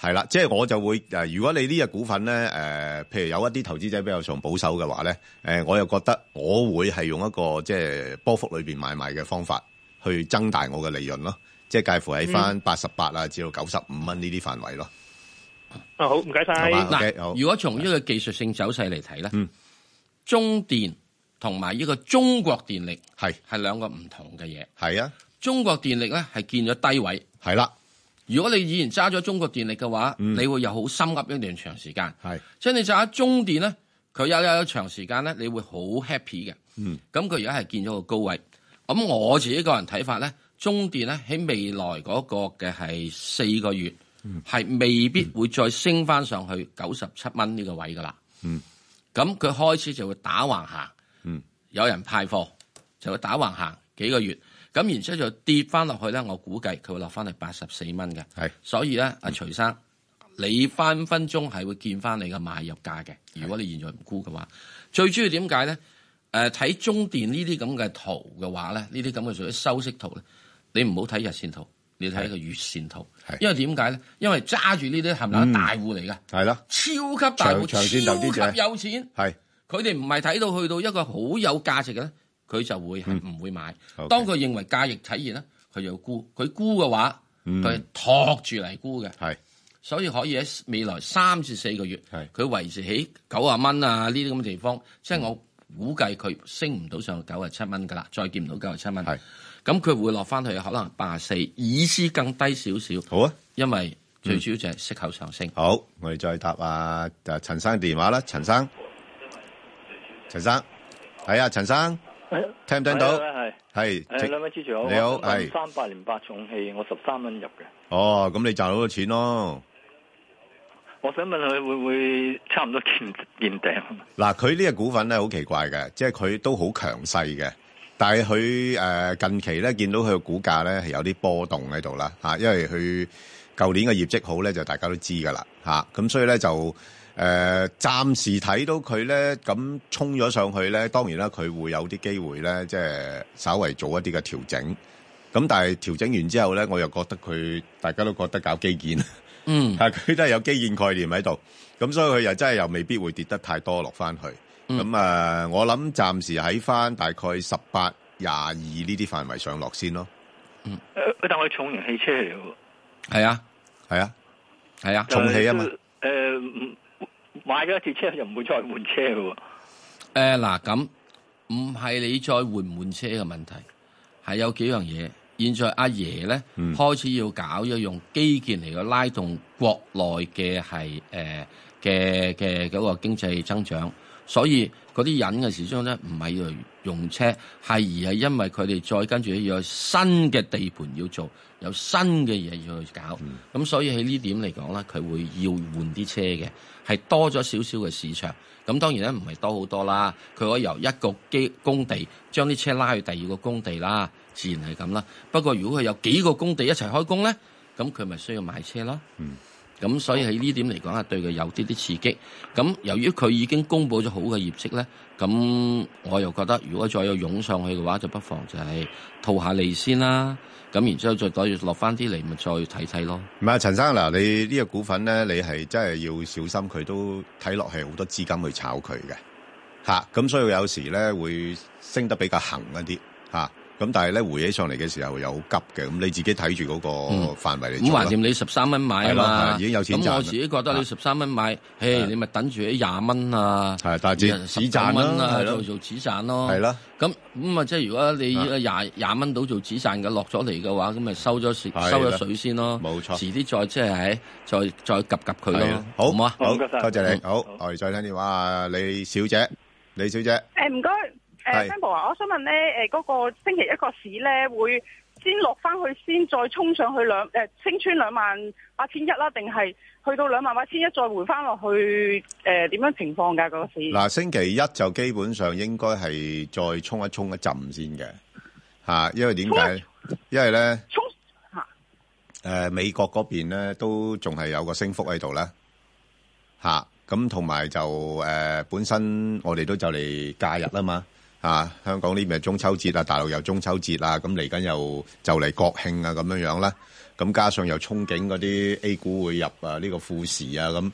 Speaker 2: 係啦，即係我就會誒，如果你呢隻股份咧誒、呃，譬如有一啲投資者比較上保守嘅話咧、呃，我又覺得我會係用一個即係波幅裏面買賣嘅方法。去增大我嘅利潤咯，即係介乎喺翻八十八啊至到九十五蚊呢啲範圍咯。
Speaker 11: 啊好，嗯，唔該晒。
Speaker 1: 如果從呢個技術性走勢嚟睇咧，嗯，中電同埋呢個中國電力係係兩個唔同嘅嘢。係啊，中國電力咧係見咗低位。係啦，啊，如果你以前揸咗中國電力嘅話，嗯，你會有好心噏一段長時間。係是，即係你就喺中電咧，佢有有長時間咧，你會好 happy 嘅。嗯，咁佢而家係見咗個高位。咁我自己個人睇法咧，中電咧喺未來嗰個嘅係四個月，係、嗯、未必會再升翻上去九十七蚊呢個位噶啦。嗯，咁佢開始就會打橫行。
Speaker 7: 嗯，
Speaker 1: 有人派貨就會打橫行幾個月，咁然之後就跌翻落去咧。我估計佢會落翻嚟八十四蚊嘅。係是，所以咧，阿、嗯、徐生，你分分鐘係會見翻你嘅買入價嘅。如果你現在唔沽嘅話，是最主要點解咧？誒，睇、呃、中電呢啲咁嘅圖嘅話咧，呢啲咁嘅屬於收息圖咧，你唔好睇日線圖，你睇一個月線圖，係是的 因為點解咧？因為揸住呢啲含冷大戶嚟嘅，係啦、嗯、超級大戶，長線有錢，係的，佢哋唔係睇到去到一個好有價值嘅，佢就會係唔會買，嗯、okay，當佢認為價值體現咧，佢就沽，佢沽嘅話，佢係托住嚟沽嘅，係、嗯，所以可以喺未來三至四個月，係的，佢維持起九啊蚊啊呢啲咁嘅地方，即係我。估計佢升唔到上九啊七蚊噶啦，再見唔到九啊七蚊。係是，咁佢會落翻去可能八啊四，意思更低少少。好啊，因為最主要就係息口上升。嗯、好，我哋再答阿陳生電話啦，陳生，陳生，
Speaker 2: 係啊，陳生，陳生，
Speaker 9: 聽唔聽到？係係、哎。誒是請兩位主持人，你好，係三八零八重汽，我十三
Speaker 2: 蚊入嘅。哦，咁你賺到好多錢咯。
Speaker 9: 我想問佢會唔
Speaker 2: 會差唔多見見頂？嗱，佢呢個股份咧好奇怪嘅，即係佢都好強勢嘅，但係佢、呃、近期咧見到佢嘅股價咧係有啲波動喺度啦嚇，因為佢舊年嘅業績好咧就大家都知㗎啦嚇，咁所以咧就誒、呃、暫時睇到佢咧咁衝咗上去咧，當然啦佢會有啲機會咧，即係稍微做一啲嘅調整。咁但係調整完之後咧，我又覺得佢大家都覺得搞基建。嗯，但佢都係有基建概念喺度，咁所以佢又真係又未必會跌得太多落翻去。咁啊，嗯，我諗暫時喺翻大概十八、廿二呢啲範圍上落先咯。嗯，
Speaker 9: 但係我重型汽車
Speaker 1: 嚟嘅喎。係啊，係啊，係啊，
Speaker 9: 重汽啊嘛。誒，買咗一次車
Speaker 1: 又唔會再換車嘅喎。誒，嗱，咁唔係你再換唔換車嘅問題，係有幾樣嘢。現在阿爺咧，開始要搞要、嗯、用基建嚟去拉動國內嘅係誒嘅嘅嗰個經濟增長，所以嗰啲人嘅始終咧唔係要用車，係而係因為佢哋再跟住要有新嘅地盤要做，有新嘅嘢要去搞，咁、嗯、所以喺呢點嚟講咧，佢會要換啲車嘅，係多咗少少嘅市場。咁當然咧唔係多好多啦，佢可以由一個基工地將啲車拉去第二個工地啦。自然係咁啦。不過如果佢有幾個工地一齊開工咧，咁佢咪需要買車咯。嗯，咁所以喺呢點嚟講，係對佢有啲啲刺激。咁由於佢已經公布咗好嘅業績咧，咁我又覺得如果再有湧上去嘅話，就不妨就係套下利先啦，啊。咁然之後再再落翻啲嚟，咪再睇睇咯。
Speaker 2: 唔係，陳生嗱，你呢個
Speaker 1: 股份咧，你係真係
Speaker 2: 要小心，佢都睇落係好多資金去炒佢嘅吓。咁、啊、所以有時咧會升得比較行一啲吓。啊。咁但係咧回起上嚟嘅時候又好急嘅，咁你自己睇住嗰個範圍嚟做。咁橫掂你十三蚊買啊嘛，已經有錢賺。咁我自己覺得你十
Speaker 1: 三蚊買，誒，你咪等住喺廿蚊啊，
Speaker 2: 係大隻，止賺啊，做做止
Speaker 1: 賺咯。係啦咁咁啊，即係如果你廿廿蚊到做止賺嘅落咗嚟嘅話，咁咪收咗水，收咗水先咯。冇錯。遲啲再即係喺，再再夾夾佢咯。好唔好啊？好，多謝你。好，我哋再聽電話啊，李小姐，李小姐。
Speaker 6: 誒，唔該。誒，Sambo 是啊，是我想問咧，誒、呃，嗰、那個星期一個市咧會先落翻去，去、呃、去，去，先再衝上去兩誒升穿兩萬八千一啦，定係去到兩萬八千一再回翻落去誒？點樣情況噶嗰個市？嗱、啊，
Speaker 2: 星期一就基本上應該係再衝一衝一浸先嘅吓、啊，因為點解？衝因為咧，誒、啊呃，美國嗰邊咧都仲係有個升幅喺度咧吓，咁同埋就誒、呃、本身我哋都就嚟假日啦嘛。啊、香港呢邊係中秋節啊，大陸又中秋節啦，咁嚟緊又就嚟國慶啊，咁樣樣啦。咁加上又憧憬嗰啲 A 股會入啊，呢、這個富時啊，咁、啊、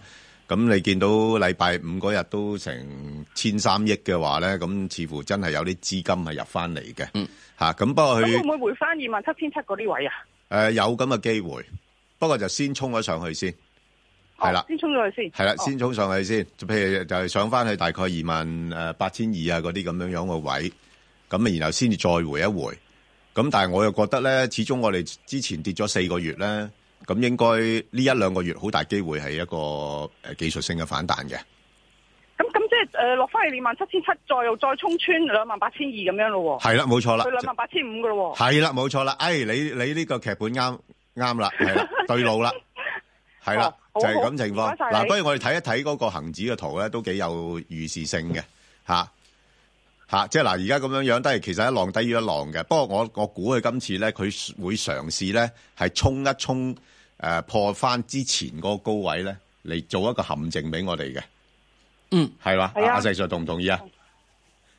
Speaker 2: 咁、啊、你見到禮拜五嗰日都成千三億嘅話咧，咁、啊啊、似乎真係有啲資金係入翻嚟嘅。嗯。吓咁、啊啊，不過佢會
Speaker 6: 唔會回翻二萬七千七嗰啲
Speaker 2: 位啊？誒，有咁嘅機會，不過就先衝咗上去先。係啦，先衝咗去先。係啦，先衝上去先。就譬如，哦、就係上翻去大概二萬誒八千二啊，嗰啲咁樣樣嘅位。咁啊，然後先至再回一回。咁但係我又覺得咧，始終我哋之前跌咗四個月咧，咁應該呢一兩個月好大機會係一個誒技術性嘅反彈嘅。咁
Speaker 6: 咁即係誒落翻去二萬七千七，再又再衝穿兩萬八千二咁樣咯。係啦，冇錯啦，就去兩萬八千五噶咯。係啦，
Speaker 2: 冇錯啦。哎，你你呢個劇本啱啱啦，係啦，對路啦。 係啦，哦、就係咁情況。嗱，不如我哋睇一睇嗰個恒指嘅圖咧，都幾有預示性嘅，吓、啊、吓、啊，即係嗱，而家咁樣樣都係，其實一浪低於一浪嘅。不過我我估佢今次咧，佢會嘗試咧，係沖一沖誒、呃，破翻之前嗰個高位咧，嚟做一個陷阱俾我哋嘅。嗯，係嘛吧，阿石 Sir 同唔同意啊？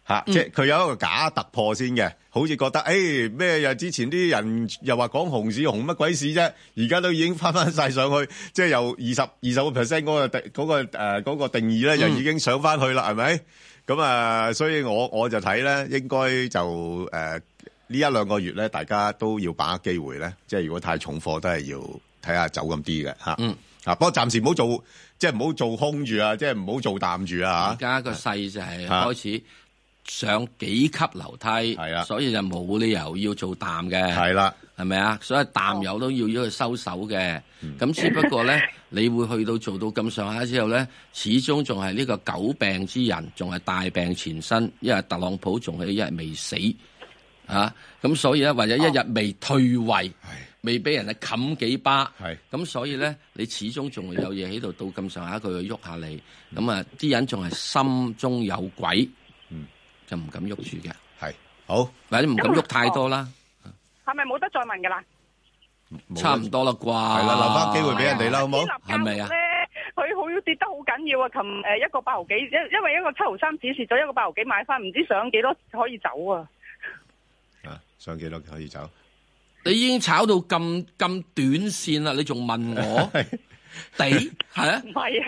Speaker 2: 吓，嗯、即係佢有一個假突破先嘅，好似覺得誒咩又之前啲人又話講熊市熊乜鬼事啫，而家都已經翻翻晒上去，即係由二十二十 percent 嗰個定嗰、嗰個誒嗰、嗰個定義咧，又已經上翻去啦，係咪、嗯？咁啊，所以我我就睇咧，應該就誒呢、呃、一兩個月咧，大家都要把握機會咧，即係如果太重貨都係要睇下走咁啲嘅吓。嗯。啊，不過暫時唔好做，即係
Speaker 1: 唔好做空住、即係、啊，即係唔好做淡住啊。而家個勢就係開始。上幾級樓梯，啊、所以就冇理由要做淡嘅，係啦、啊，係咪啊？所以淡友都要要去收手嘅。咁、嗯、只不過咧， 你會去到做到咁上下之後咧，始終仲係呢個久病之人，仲係大病纏身，因為特朗普仲係一日未死啊！咁所以咧，或者一日未退位，哦、未俾人哋冚幾巴，咁是所以咧，是你始終仲會有嘢喺度，到咁上下佢去喐下你，咁啊啲人仲係心中有鬼。就唔敢喐住嘅，係好嗱，你唔敢喐太多啦。
Speaker 8: 係咪冇得再問噶啦？
Speaker 1: 差唔多啦啩係啦，留翻機會俾人哋啦，是的好冇好？係咪啊？
Speaker 6: 佢好的跌得好緊要啊！琴誒一個八毫幾，因因為一個七毫三指示咗一個八毫幾買，買翻唔知道上幾多可以走啊？
Speaker 1: 啊，上幾多可以走？你已經炒到咁咁短綫啦，你仲問我？ 地，
Speaker 6: 係啊，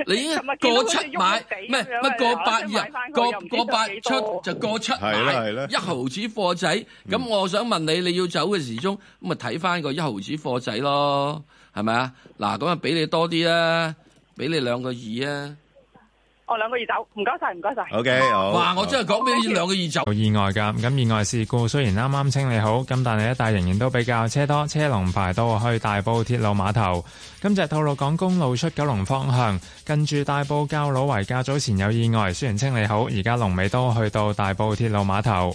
Speaker 1: 你依過七買，咩？係乜過八日，過過八出就過，過，過七買，一毫子貨仔。咁我想問你，你要走嘅時鐘咁咪睇翻個一毫子貨仔咯，係咪啊？嗱，咁啊俾你多啲啊，俾你兩個二啊。
Speaker 6: 我兩個意走，唔該晒，唔該
Speaker 1: 晒。O、okay, K，好。好好哇，我真係
Speaker 7: 講緊呢兩個意走。意外㗎，咁意外事故雖然啱啱清理好，咁但係一帶仍然都比較車多，車龍排到去大埔鐵路碼頭。今集吐露港公路出九龍方向，近住大埔滘老圍較早前有意外，雖然清理好，而家龍尾都去到大埔鐵路碼頭。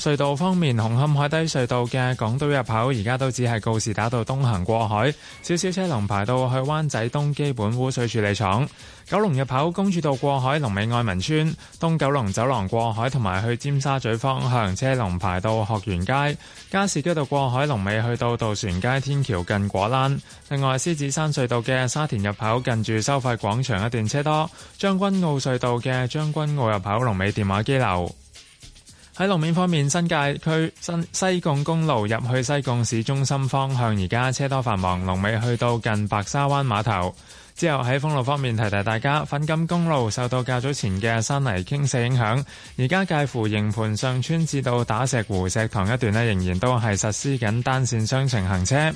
Speaker 7: 隧道方面，紅磡海底隧道嘅港島入口而家都只係告士打道東行過海，少少車龍排到去灣仔東基本污水處理廠；九龍入口公主道過海，龍尾愛民村、東九龍走廊過海同埋去尖沙咀方向，車龍排到學園街；加士居道過海龍尾去到渡船街天橋近果欄。另外，獅子山隧道嘅沙田入口近住收費廣場一段車多；將軍澳隧道嘅將軍澳入口龍尾電話機樓。喺路面方面，新界區新西貢公路入去西貢市中心方向，而家車多繁忙，龍尾去到近白沙灣碼頭。之後喺封路方面，提提大家，粉錦公路受到較早前嘅山泥傾瀉影響，而家介乎營盤上村至到打石湖石塘一段呢，仍然都係實施緊單線雙程行車。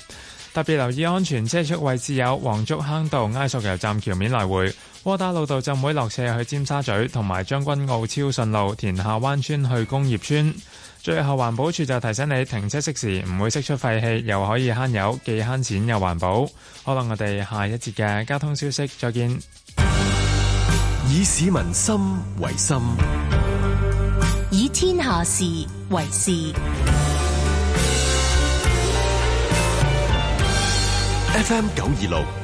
Speaker 7: 特別留意安全車速位置有黃竹坑道埃索油站橋面來回。窩打老道就唔會落斜去尖沙咀，同埋將軍澳超順路田下灣村去工業村。最後環保處就提醒你，停車熄匙唔會釋出廢氣，又可以慳油，既慳錢又環保。好啦，我哋下一節嘅交通消息再見。以市民心為心，以天
Speaker 8: 下事為事。
Speaker 2: F M 九二六。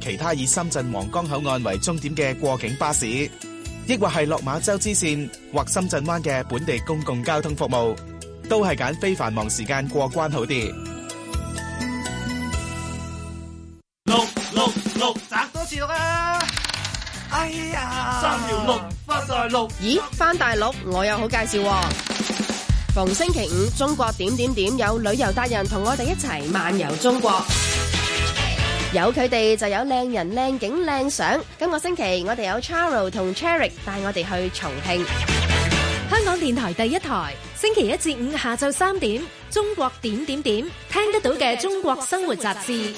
Speaker 4: 其他以深圳皇崗口岸為終點嘅過境巴士，抑或係落馬洲支線或深圳灣嘅本地公共交通服務，都係揀非繁忙時間過關好啲。
Speaker 5: 六六六，賺多次啦！哎呀，三條六翻晒六。咦，翻大陸我又好介紹。逢星期五，中國點點點有旅遊達人同我哋一齊漫遊中國。有佢哋就有靚人靚景靚相。今個星期我哋有 Charles 同 Cherry 帶我哋去重慶。香港電台第一台，星期一至五下晝三點，中國點點點聽得到嘅中國生活雜誌。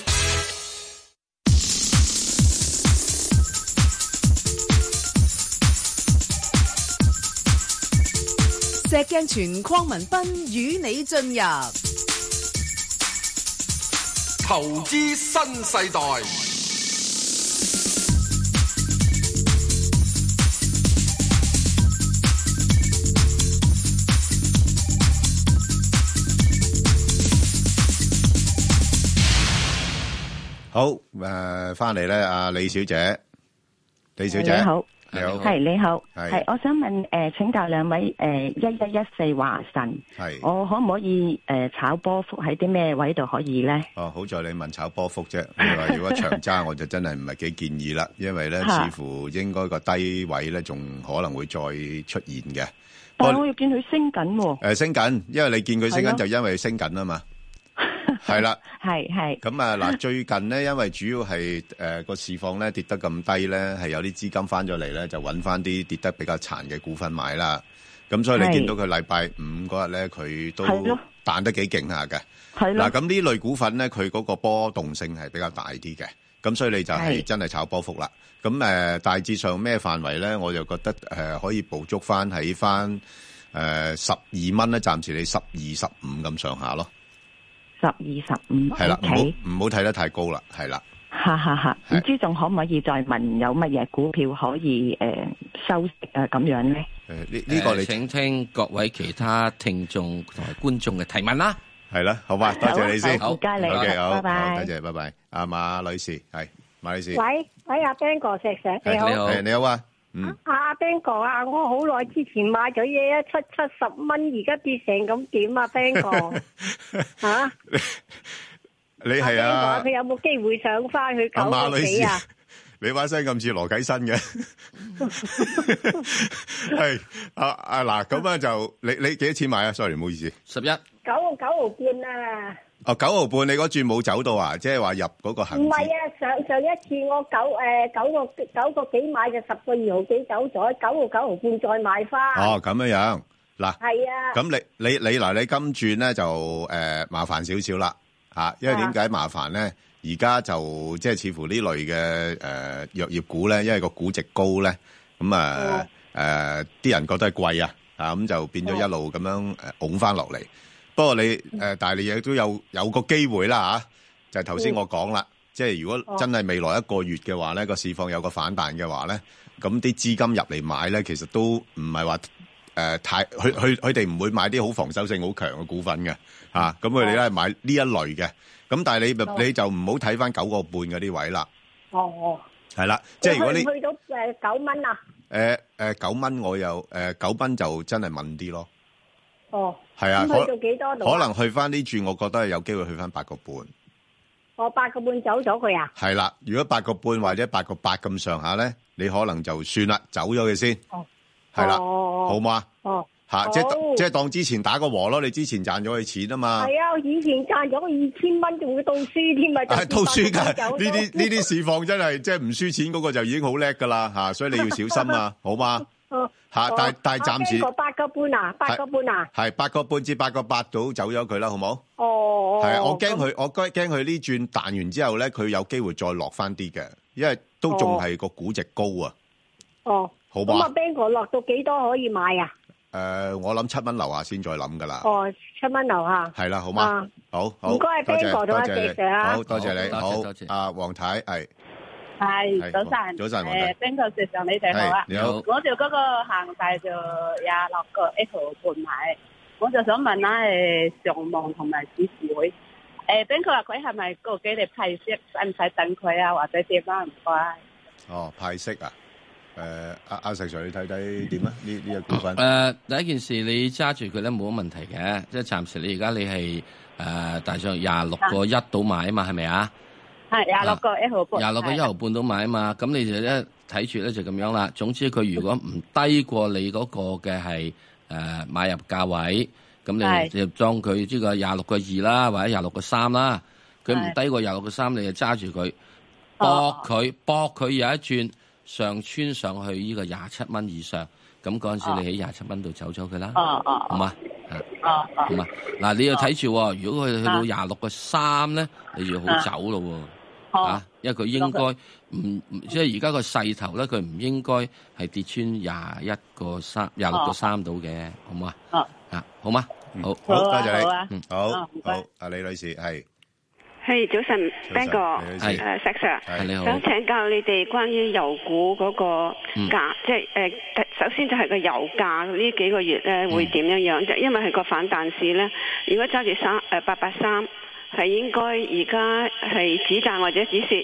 Speaker 10: 石鏡泉鄺民彬與你進入。
Speaker 9: 投資新世代。
Speaker 2: 好，好、呃、誒，翻嚟咧，阿李小姐，李小姐好。係你好，係，我
Speaker 3: 想問誒，請教兩位誒，一一一四華晨，我可唔可以誒炒波幅喺啲咩位度
Speaker 8: 可以咧？
Speaker 2: 哦，好在你問炒波幅啫，你話如果長揸我就真係唔係幾建議啦，因為咧似乎應該個低位咧仲可能會再出現嘅。但係我
Speaker 10: 又見佢升緊喎。
Speaker 2: 誒，升緊，因為你見佢升緊就因為佢升緊啊嘛。係啦，係係。咁啊嗱，最近咧，因為主要係誒個市況咧跌得咁低咧，係有啲資金翻咗嚟咧，就揾翻啲跌得比較殘嘅股份買啦。咁是所以你見到佢禮拜五嗰日咧，佢都彈得幾勁下嘅。係嗱，咁呢、啊、類股份咧，佢嗰個波動性係比較大啲嘅。咁所以你就係真係炒波幅啦。咁誒是，大致上咩範圍咧？我就覺得誒、呃、可以捕捉翻喺翻誒十二蚊咧，暫、呃、時你十二十五咁上下咯。
Speaker 6: 十二十五，係啦，唔
Speaker 2: 好唔好睇得太高啦，係啦。
Speaker 6: 哈哈哈，唔知仲可唔可以再問有乜嘢股票可以誒收誒咁樣咧？
Speaker 1: 誒，呢呢個嚟，請聽各位其他聽眾同埋觀眾嘅提問啦。係啦，好啊，多謝你先，好，唔該你，好，拜拜，多謝，拜拜。阿馬女士，係
Speaker 2: 馬女士，
Speaker 8: 喂，喂，阿 Ben 哥，石石，你好，你好，你好啊。阿 Ben 哥啊，哥我好耐之前買咗嘢啊，七七十蚊，而家跌成咁點啊？Ben 哥，吓
Speaker 2: 啊？你係啊？佢、啊、
Speaker 8: 有冇機會上翻去九毫幾啊？啊啊
Speaker 2: 你把聲咁似羅啟新嘅。係啊啊嗱，咁啊就你你幾多錢買啊？sorry，唔好意思，十一 11.
Speaker 8: 九個九毫半啊。
Speaker 2: 哦，九毫半，你嗰轉冇走到啊？即係話入嗰個行？唔係啊，上
Speaker 8: 上一次我九誒九個九個幾買嘅十個二毫幾走咗，九號九毫
Speaker 2: 半再買翻。哦，咁樣樣嗱，係啊。咁你你你嗱，你今轉咧就誒、呃、麻煩少少啦吓，因為點解麻煩咧？而家、啊、就即係、就是、似乎呢類嘅誒藥業股咧，因為個估值高咧，咁、嗯呃、啊誒啲、呃、人覺得係貴啊，啊咁就變咗一路咁樣誒拱翻落嚟。不過你誒，但係你亦都有有個機會啦吓，就頭先我講啦，即係如果真係未來一個月嘅話咧，個市況有個反彈嘅話咧，咁啲資金入嚟買咧，其實都唔係話誒太佢佢佢哋唔會買啲好防守性好強嘅股份嘅啊。咁佢哋咧係買呢一類嘅，咁但係你你就唔好睇翻九個半嗰啲位啦。
Speaker 8: 哦，
Speaker 2: 係啦，即係如果你去到誒
Speaker 8: 九蚊啊，
Speaker 2: 誒誒九蚊我又誒九蚊就真係穩啲咯。
Speaker 8: 哦，係啊，可能去
Speaker 2: 翻呢注，我覺得係有機會去翻八個半。
Speaker 8: 哦，八個半走咗佢
Speaker 2: 啊？係啦，如果八個半或者八個八咁上下咧，你可能就算啦，走咗佢先。
Speaker 10: 哦，係啦，好嘛？哦，吓，即係即係
Speaker 2: 當之前打個和咯，你之前賺咗佢錢啊嘛。
Speaker 8: 係啊，我以前賺咗二千蚊仲會倒輸添啊，倒輸嘅呢啲
Speaker 2: 呢啲市況真係即係唔輸錢嗰個就已經好叻噶啦吓，所以你要小心啊，好嗎？
Speaker 8: 吓，但係但係暫時。阿 Ben 哥八個半啊，八個半啊。
Speaker 2: 係八個半至八個八度走咗佢啦，好冇？
Speaker 8: 哦，係啊，我驚佢，
Speaker 2: 我驚驚佢呢轉彈完之後咧，佢有機會再落翻啲嘅，因為都仲係個估值高啊。哦，
Speaker 8: 好吧。咁啊 Ben 哥落到幾多可以買
Speaker 2: 啊？誒，我諗七蚊樓下先再諗噶啦。哦，
Speaker 8: 七蚊樓下。係
Speaker 2: 啦，好嗎？好，好唔該，Ben 哥多謝。好多謝你，好，阿黃太，係。
Speaker 6: 係 Hi, Hey, 早晨，早晨。誒，Ben 哥，你哋好啊。Hey, 你好，我哋嗰個行大就廿六個一度半買，
Speaker 3: 我就想問下、啊、誒、啊，上網同埋主持會。誒、uh, Ben 話佢係咪過幾日派息？使唔使等佢啊？或者借翻唔快？怪啊、哦，
Speaker 1: 派息啊？誒、uh, 阿阿石 Sir，你睇睇點啊？呢呢隻股份？誒， uh, 第一件事你揸住佢咧冇乜問題嘅，即係暫時你而家你係誒，uh, 大上廿六個一度買嘛，係咪啊？
Speaker 10: 係廿六個一毫半，廿六個一毫
Speaker 1: 半都買啊嘛！咁的你就咧睇住咧就咁樣啦。總之佢如果唔低過你嗰個嘅係誒買入價位，咁你就裝佢，即係廿六個二啦，或者廿六個三啦。佢唔低過廿六個三，你就揸住佢，博佢的，博佢有一轉上穿上去呢個廿七蚊以上，咁嗰陣時你喺廿七蚊度走咗佢啦。哦哦，好嘛，哦
Speaker 5: 哦，嗱，你要睇
Speaker 1: 住，如果佢去到廿六個三咧，你就好走咯。啊啊，因為佢應該唔即係而家個勢頭咧，佢唔應該係跌穿廿一個三、廿六個三度嘅，好唔好啊？啊，好嗎？好，好多謝你。好
Speaker 2: 好，阿李女士係，
Speaker 3: 係早晨，Ben 哥，石 Sir，
Speaker 2: 想請
Speaker 3: 教你哋關於油股嗰個價，即係誒，首先就係個油價呢幾個月咧會點樣樣？因為係個反彈市咧，如果揸住三誒八八三。係應該而家係指責，或者指涉，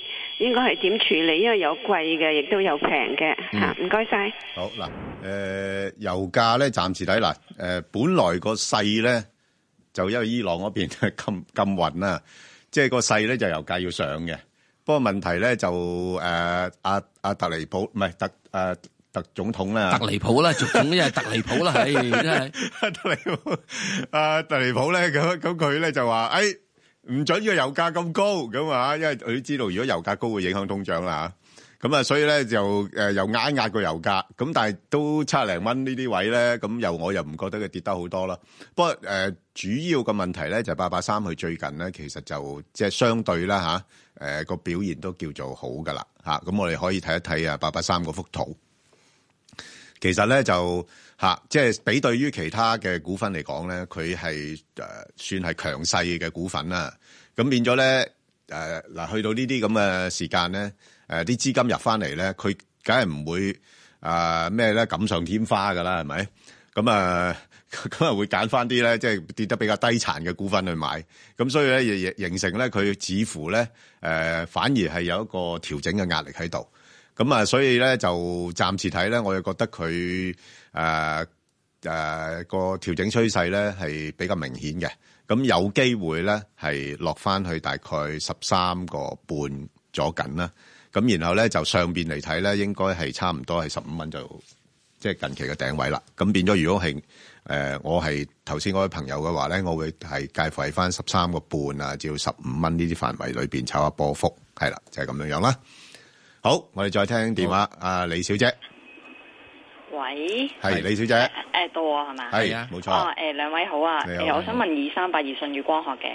Speaker 3: 應該係點處理？因為有貴嘅，亦都有平嘅嚇。唔該晒。謝
Speaker 2: 謝好嗱、呃，油價咧，暫時睇嗱誒，本來個勢咧就因為伊朗嗰邊禁禁運啦，即係個勢咧就是、油價要上嘅。不過問題咧就誒阿阿特尼普唔係特誒、啊、特總統特啦，特尼普啦，總之係特尼普啦，唉，真係、啊、特尼普。阿、啊、特尼普咧，咁咁佢咧就話誒。哎唔準要個油價咁高咁啊，因為佢都知道如果油價高會影響通脹啦嚇。咁啊，所以咧就誒又壓壓個油價，咁但係都七十零蚊呢啲位咧，咁又我又唔覺得佢跌得好多啦。不過誒主要嘅問題咧就八八三佢最近咧其實就即係相對啦嚇，誒個表現都叫做好噶啦嚇。咁我哋可以睇一睇啊八八三嗰幅圖，其實咧就。吓、啊，即係比對於其他嘅股份嚟講咧，佢係誒算係強勢嘅股份啦。咁變咗咧，誒、呃、嗱，去到這這呢啲咁嘅時間咧，誒啲資金入翻嚟咧，佢梗係唔會啊咩咧錦上添花㗎啦，係咪？咁啊，咁、呃、啊會揀翻啲咧，即係跌得比較低殘嘅股份去買。咁所以咧，亦形成咧，佢似乎咧誒、呃、反而係有一個調整嘅壓力喺度。咁啊，所以咧就暫時睇咧，我又覺得佢。誒誒個調整趨勢咧係比較明顯嘅，咁有機會咧係落翻去大概十三個半左緊啦，咁然後咧就上面嚟睇咧應該係差唔多係十五蚊就即係、就是、近期嘅頂位啦。咁變咗，如果係誒、呃、我係頭先嗰位朋友嘅話咧，我會係介乎翻十三個半啊，至十五蚊呢啲範圍裏面炒下波幅，係啦，就係、是、咁樣樣啦。好，我哋再聽電話，阿李小姐。
Speaker 6: 位係李小姐，誒，到我係嘛？係是啊，冇錯、啊，誒、哦，兩、呃、位好啊，誒好、呃，我想問二三八二舜宇光學嘅，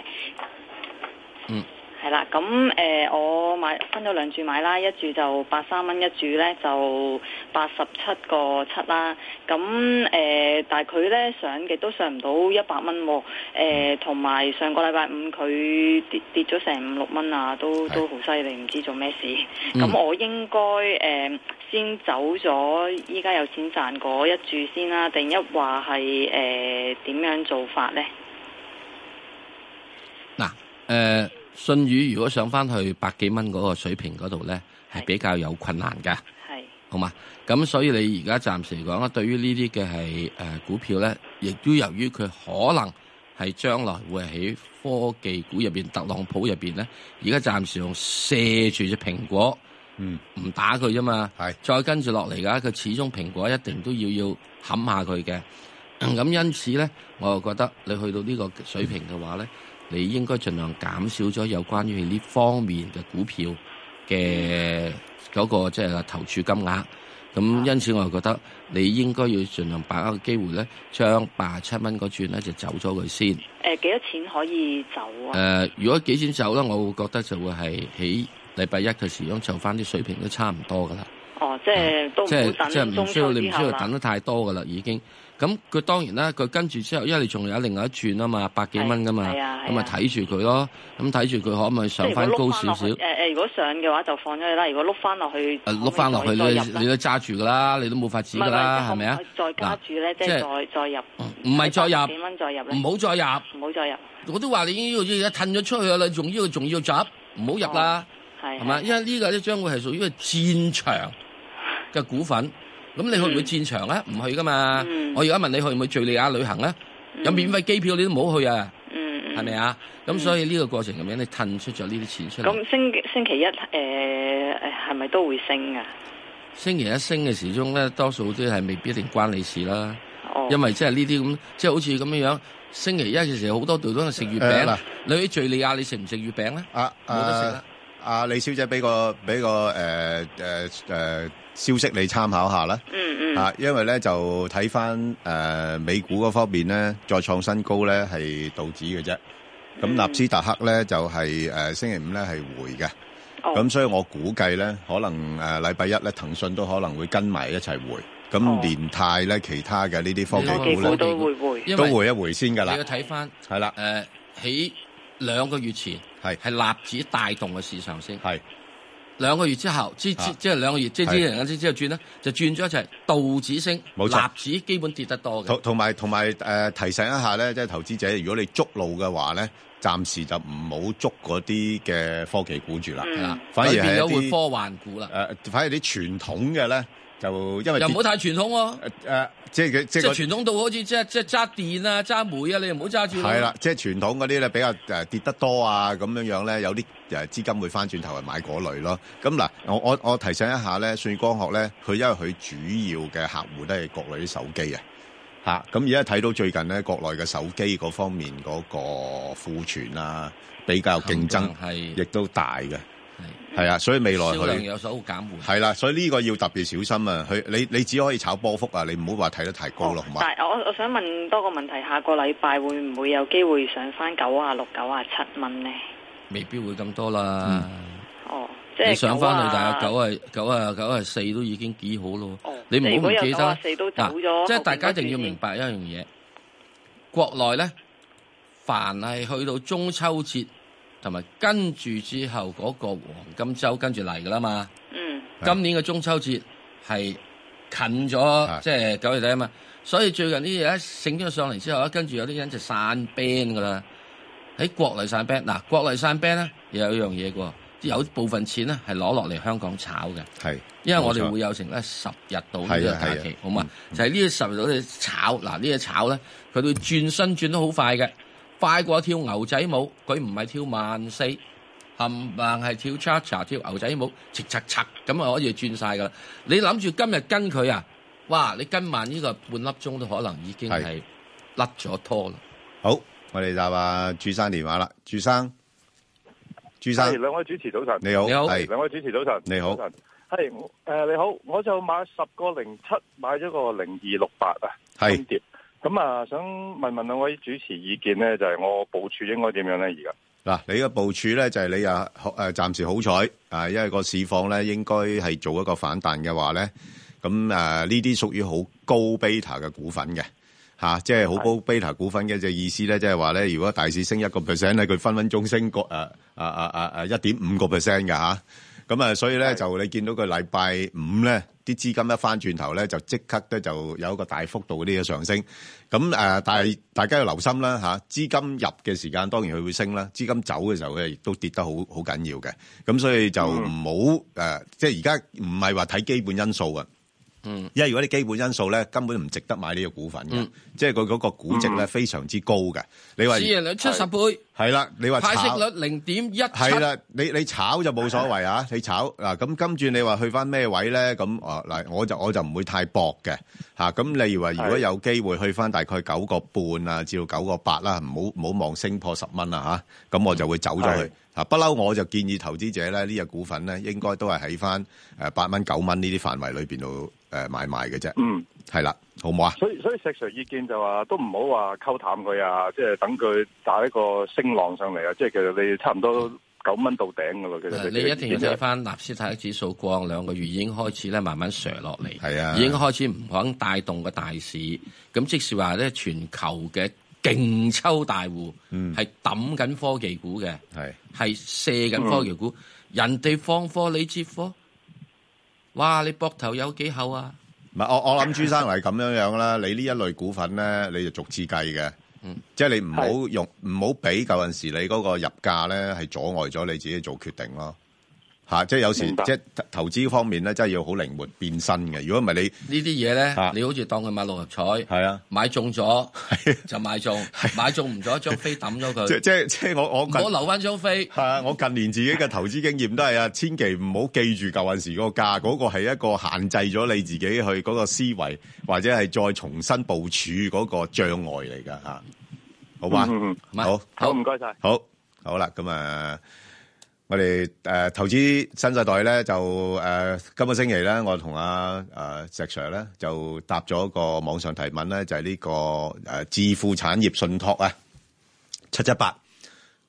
Speaker 6: 嗯。係啦，咁誒、呃，我買分咗兩注買啦，一注就八三蚊，一注咧就八十七個七啦。咁誒、呃，但係佢咧上極都上唔到一百蚊，誒、呃，同埋上個禮拜五佢跌跌咗成五六蚊啊，都都好犀利，唔知做咩事。咁、嗯、我應該誒、呃、先走咗，依家有錢賺嗰一注先啦，定一話係誒點樣做法咧？
Speaker 1: 嗱、呃，誒、呃。信宇如果上翻去百幾蚊嗰個水平嗰度咧，係比較有困難噶。係是，好嘛？咁所以你而家暫時嚟講，對於呢啲嘅係誒股票咧，亦都由於佢可能係將來會喺科技股入邊、特朗普入邊咧，而家暫時用射住隻蘋果，嗯，唔打佢咋嘛？係是，再跟住落嚟㗎。佢始終蘋果一定都要要冚下佢嘅。咁因此咧，我又覺得你去到呢個水平嘅話咧。嗯你應該盡量減少咗有關於呢方面嘅股票嘅嗰個即係投注金額。咁因此我又覺得你應該要盡量把握個機會咧，將八十七蚊嗰轉咧就走咗佢先。
Speaker 6: 誒，幾多錢可以走啊？誒、
Speaker 1: 呃，如果幾錢走咧，我會覺得就會係喺禮拜一嘅時間走翻啲水平都差唔多噶啦。
Speaker 6: 哦，即係都好、啊、即係即係唔需要，你，唔需要等得
Speaker 1: 太多噶啦，已經。咁佢當然啦，佢跟住之後，因為你仲有另外一轉啊嘛，百幾蚊噶嘛，咁咪睇住佢咯。咁睇住佢可唔可以上翻高少少？誒
Speaker 6: 誒，如果上嘅話就放咗佢啦。如果碌翻落去，碌翻落去你你
Speaker 1: 都揸住噶啦，你都冇法子噶啦，係咪啊？
Speaker 6: 再揸住咧，即係再再入，唔係再入，幾蚊再入，唔好再入，唔
Speaker 1: 好再入。我都話你呢個要一褪咗出去啦，仲要仲要執，唔好入啦，
Speaker 6: 係咪？
Speaker 1: 因為呢個都將會係屬於個戰場嘅股份。咁你去唔去戰場咧？唔去噶嘛。我而家問你去唔去敘利亞旅行咧？
Speaker 6: 有免費
Speaker 1: 機票你都唔好去啊。嗯
Speaker 6: 嗯，係咪啊？
Speaker 1: 咁所以呢個過程咁樣，你褪出咗呢啲錢出嚟。咁
Speaker 6: 星星期一誒誒係咪都
Speaker 1: 會升啊？星期一升嘅時鐘咧，多數都係未必一定關你事啦。哦。因為即係呢啲咁，即係好似咁樣樣。星期一嘅時候好多度都係食月餅啦。你去敘利亞你食唔食月餅咧？啊啊。冇得食啦。阿李小姐俾個俾個
Speaker 2: 誒誒誒。消息你參考下啦，啊，因為咧就睇翻誒美股嗰方面咧再創新高咧，係道指嘅啫。咁納斯達克咧就係誒星期五咧係回嘅，咁所以我估計咧，可能誒禮拜一咧騰訊都可能會跟埋一齊回。咁聯泰咧其他嘅呢啲科技股咧，股都會回，都會一回先噶啦。你要
Speaker 1: 睇翻係啦，誒喺兩個月前係係納指帶動嘅市場先係。兩個月之後，即係、啊、兩個月，即係啲人之後轉咧，是就轉咗一齊道指升，錯納指基本跌得多嘅。同
Speaker 2: 同埋同埋誒提醒一下咧，即係投資者，如果你捉路嘅話咧，暫時就唔好捉嗰啲嘅科技股住啦，反而變咗會科幻股啦。誒，反而啲傳統嘅咧。就又唔好太
Speaker 1: 傳統喎，啊
Speaker 2: 啊啊，即係佢即係傳統到好似即
Speaker 1: 係即係揸電啊、揸煤啊，你又唔好揸住。係啦，
Speaker 2: 即係傳統嗰啲咧比較誒跌得多啊，咁樣樣咧有啲誒資金會翻轉頭嚟買嗰類咯。咁嗱，我我我提醒一下咧，舜宇光學咧，佢因為佢主要嘅客戶都係國內啲手機啊，嚇。咁而家睇到最近咧，國內嘅手機嗰方面嗰個庫存啊，比較競爭係，亦都大嘅。係啊，所以未來佢
Speaker 1: 有所減緩。係
Speaker 2: 啦、啊，所以呢個要特別小心啊！佢你你只可以炒波幅啊，你唔好話睇得太
Speaker 1: 高咯，哦啊、但係
Speaker 6: 我我想問多個問題，下個
Speaker 1: 禮拜會唔會有
Speaker 6: 機會上翻九啊六、九啊七蚊呢？未
Speaker 1: 必會咁多啦。嗯、哦，即係九啊，九啊九啊九啊四都已經幾好咯。哦、你唔好唔記得啦。嗱，即係、啊就是、大家一定要明白一樣嘢，國內咧，凡係去到中秋節。同埋跟住之後嗰個黃金周跟住嚟噶啦嘛，
Speaker 6: 今
Speaker 1: 年嘅中秋節係近咗，即係九月底啊嘛，所以最近啲嘢咧升咗上嚟之後，咧跟住有啲人就散 band 噶啦，喺國內散兵嗱：散 band，國內散 band 咧又有一樣嘢喎，有部分錢咧係攞落嚟香港炒嘅，係因為我哋會有成咧十日到呢個假期，好嘛？就係呢十日到你炒嗱，呢嘢炒咧，佢會轉身轉得好快嘅。快過跳牛仔舞，佢唔係跳慢四，冚唪係跳 Cha Cha 跳牛仔舞，切切切咁啊可以轉晒噶啦！你諗住今日跟佢啊，哇！你跟晚呢個半粒鐘都可能已經係甩咗拖啦。
Speaker 2: 好，我哋就話朱生電話啦，朱生，朱生，係
Speaker 1: 兩位主持早晨，你好，你好，兩位主持早晨，
Speaker 2: 你好，
Speaker 9: 係誒你好，我就買十個零七，買咗個零二六八啊，係跌。咁啊，想問問兩位主持意見咧，就係、是、我部署應該點
Speaker 7: 樣咧？而家
Speaker 2: 嗱，你嘅部署咧就係、是、你啊，暫時好彩啊，因為個市況咧應該係做一個反彈嘅話咧，咁誒呢啲屬於好高 beta 嘅股份嘅嚇，即係好高 beta 股份嘅，即係意思咧，即係話咧，如果大市升一個 percent 咧，佢分分鐘升個誒誒一點五個 percent 嘅嚇。咁啊，所以咧就你見到佢禮拜五咧，啲資金一翻轉頭咧，就即刻咧就有一個大幅度嗰啲嘅上升。咁誒，但係大家要留心啦嚇，資金入嘅時間當然佢會升啦，資金走嘅時候咧亦都跌得好好緊要嘅。咁所以就唔好誒，即係而家唔係話睇基本因素啊。嗯，因為如果你基本因素咧，根本唔值得買呢個股份嘅，即係佢嗰個估值咧非常之高嘅。你話市盈率七十
Speaker 1: 倍，係啦，你話派息率零點一，係啦，
Speaker 2: 你你炒就冇所謂啊，你炒嗱，咁跟住你話去翻咩位咧？咁啊嗱，我就我就唔會太搏嘅吓。咁你話如果有機會去翻大概九個半啊，至到九個八啦，唔好唔好望升破十蚊啊吓，咁我就會走咗去。啊，不嬲我就建議投資者咧，呢隻股份咧應該都係喺翻八蚊九蚊呢啲範圍裏面度誒買賣嘅啫。嗯，係啦，好唔好啊？所
Speaker 9: 以所以石 Sir 意見就話，都唔好話溝淡佢啊，即係等佢打一個升浪上嚟啊！即係其實你差唔多九蚊到頂噶啦。嗯、其實你一定要睇
Speaker 1: 翻納斯達克指數過，過兩個月已經開始咧慢慢瀉落嚟，係啊，已經開始唔肯帶動個大市。咁即是話咧，全球嘅。勁抽大戶，係抌緊科技股嘅。係是，係射緊科技股。嗯、人哋放貨你接貨，哇！你膊頭有幾厚啊？
Speaker 2: 唔係，我我諗朱生係咁樣樣啦， 你呢一類股份咧，你就逐次計嘅。嗯、即係你唔好用，唔好俾舊陣時你嗰個入價咧，係阻礙咗你自己做決定咯。吓，即係有時即係投資方面咧，真係要好靈活變身嘅。如果唔係你呢啲嘢咧，你好似當佢買六合彩，係啊，買
Speaker 1: 中咗就買中，買中唔咗一張飛抌咗佢。即即即
Speaker 2: 係我我我留翻張飛。係啊，我近年自己嘅投資經驗都係啊，千祈唔好記住舊陣時嗰個價，嗰個係一個限制咗你自己去嗰個思維，或者係再重新部署嗰個障礙嚟㗎吓。好嘛，嗯，嗯，好，好唔該晒，好好啦，咁啊。我哋誒、呃、投資新世代咧，就誒、呃、今個星期咧，我同阿阿石 Sir 咧就答咗一個網上提問咧，就係、是、呢、這個誒置富產業信託啊，七七八。咁、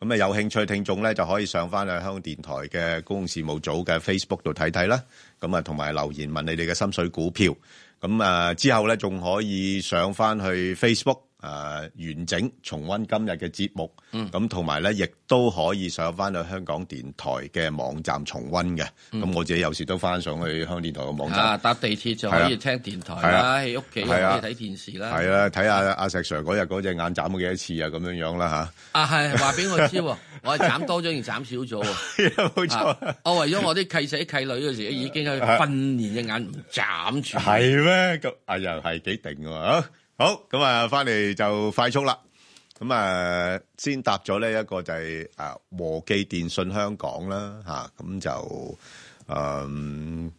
Speaker 2: 嗯、啊，有興趣聽眾咧，就可以上翻去香港電台嘅公共事務組嘅 Facebook 度睇睇啦。咁啊，同埋留言問你哋嘅心水股票。咁啊，之後咧仲可以上翻去 Facebook。誒、啊、完整重溫今日嘅節目，咁同埋咧，亦都可以上翻去香港電台嘅網站重溫嘅。咁、嗯、我自己有時都翻上去香港電台嘅網站。啊，搭
Speaker 1: 地鐵就可以聽電台啦，喺屋企可以睇電視啦。係啦、啊，睇
Speaker 2: 下阿石 Sir 嗰日嗰隻眼斬咗幾多次啊，咁樣樣啦吓，
Speaker 1: 啊，係話俾我知，我係斬多咗而斬少咗喎。冇錯，我為咗我啲契仔契女嘅時已經去訓練隻眼唔斬住。係咩？咁啊，又係幾定喎？
Speaker 2: 好咁啊，翻嚟就快速啦。咁啊，先搭咗呢一個就係啊和記電訊香港啦吓，咁就嗯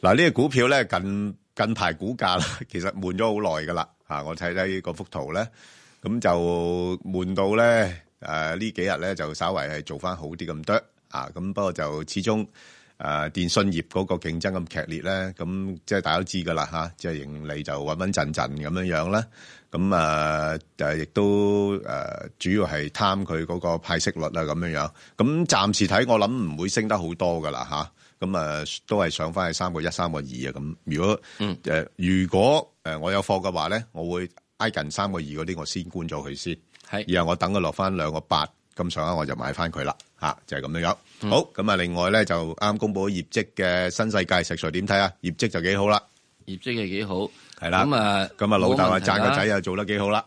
Speaker 2: 嗱呢個股票咧近近排股價其實悶咗好耐噶啦吓，我睇睇呢個幅圖咧，咁就悶到咧誒呢幾日咧就稍微係做翻好啲咁多啊，咁不過就始終。誒、啊、電信業嗰個競爭咁劇烈咧，咁即係大家都知㗎啦吓，即、啊、係盈利就穩穩陣陣咁樣樣啦。咁啊，亦、啊、都誒、啊、主要係貪佢嗰個派息率啊咁樣樣。咁、啊啊、暫時睇我諗唔會升得好多㗎啦吓，咁啊，啊都係上翻去三個一、三個二啊咁。如果誒、嗯、如果誒我有貨嘅話咧，我會挨近三個二嗰啲，我先觀咗佢先。係。然後我等佢落翻兩個八咁上下，我就買翻佢啦。吓、啊，就係咁樣樣。好咁啊！另外咧就啱公布咗業績嘅新世界石材點睇啊？業績就幾好啦，業績係幾好係啦。咁啊，咁啊，老豆啊讚個仔又做得幾好啦，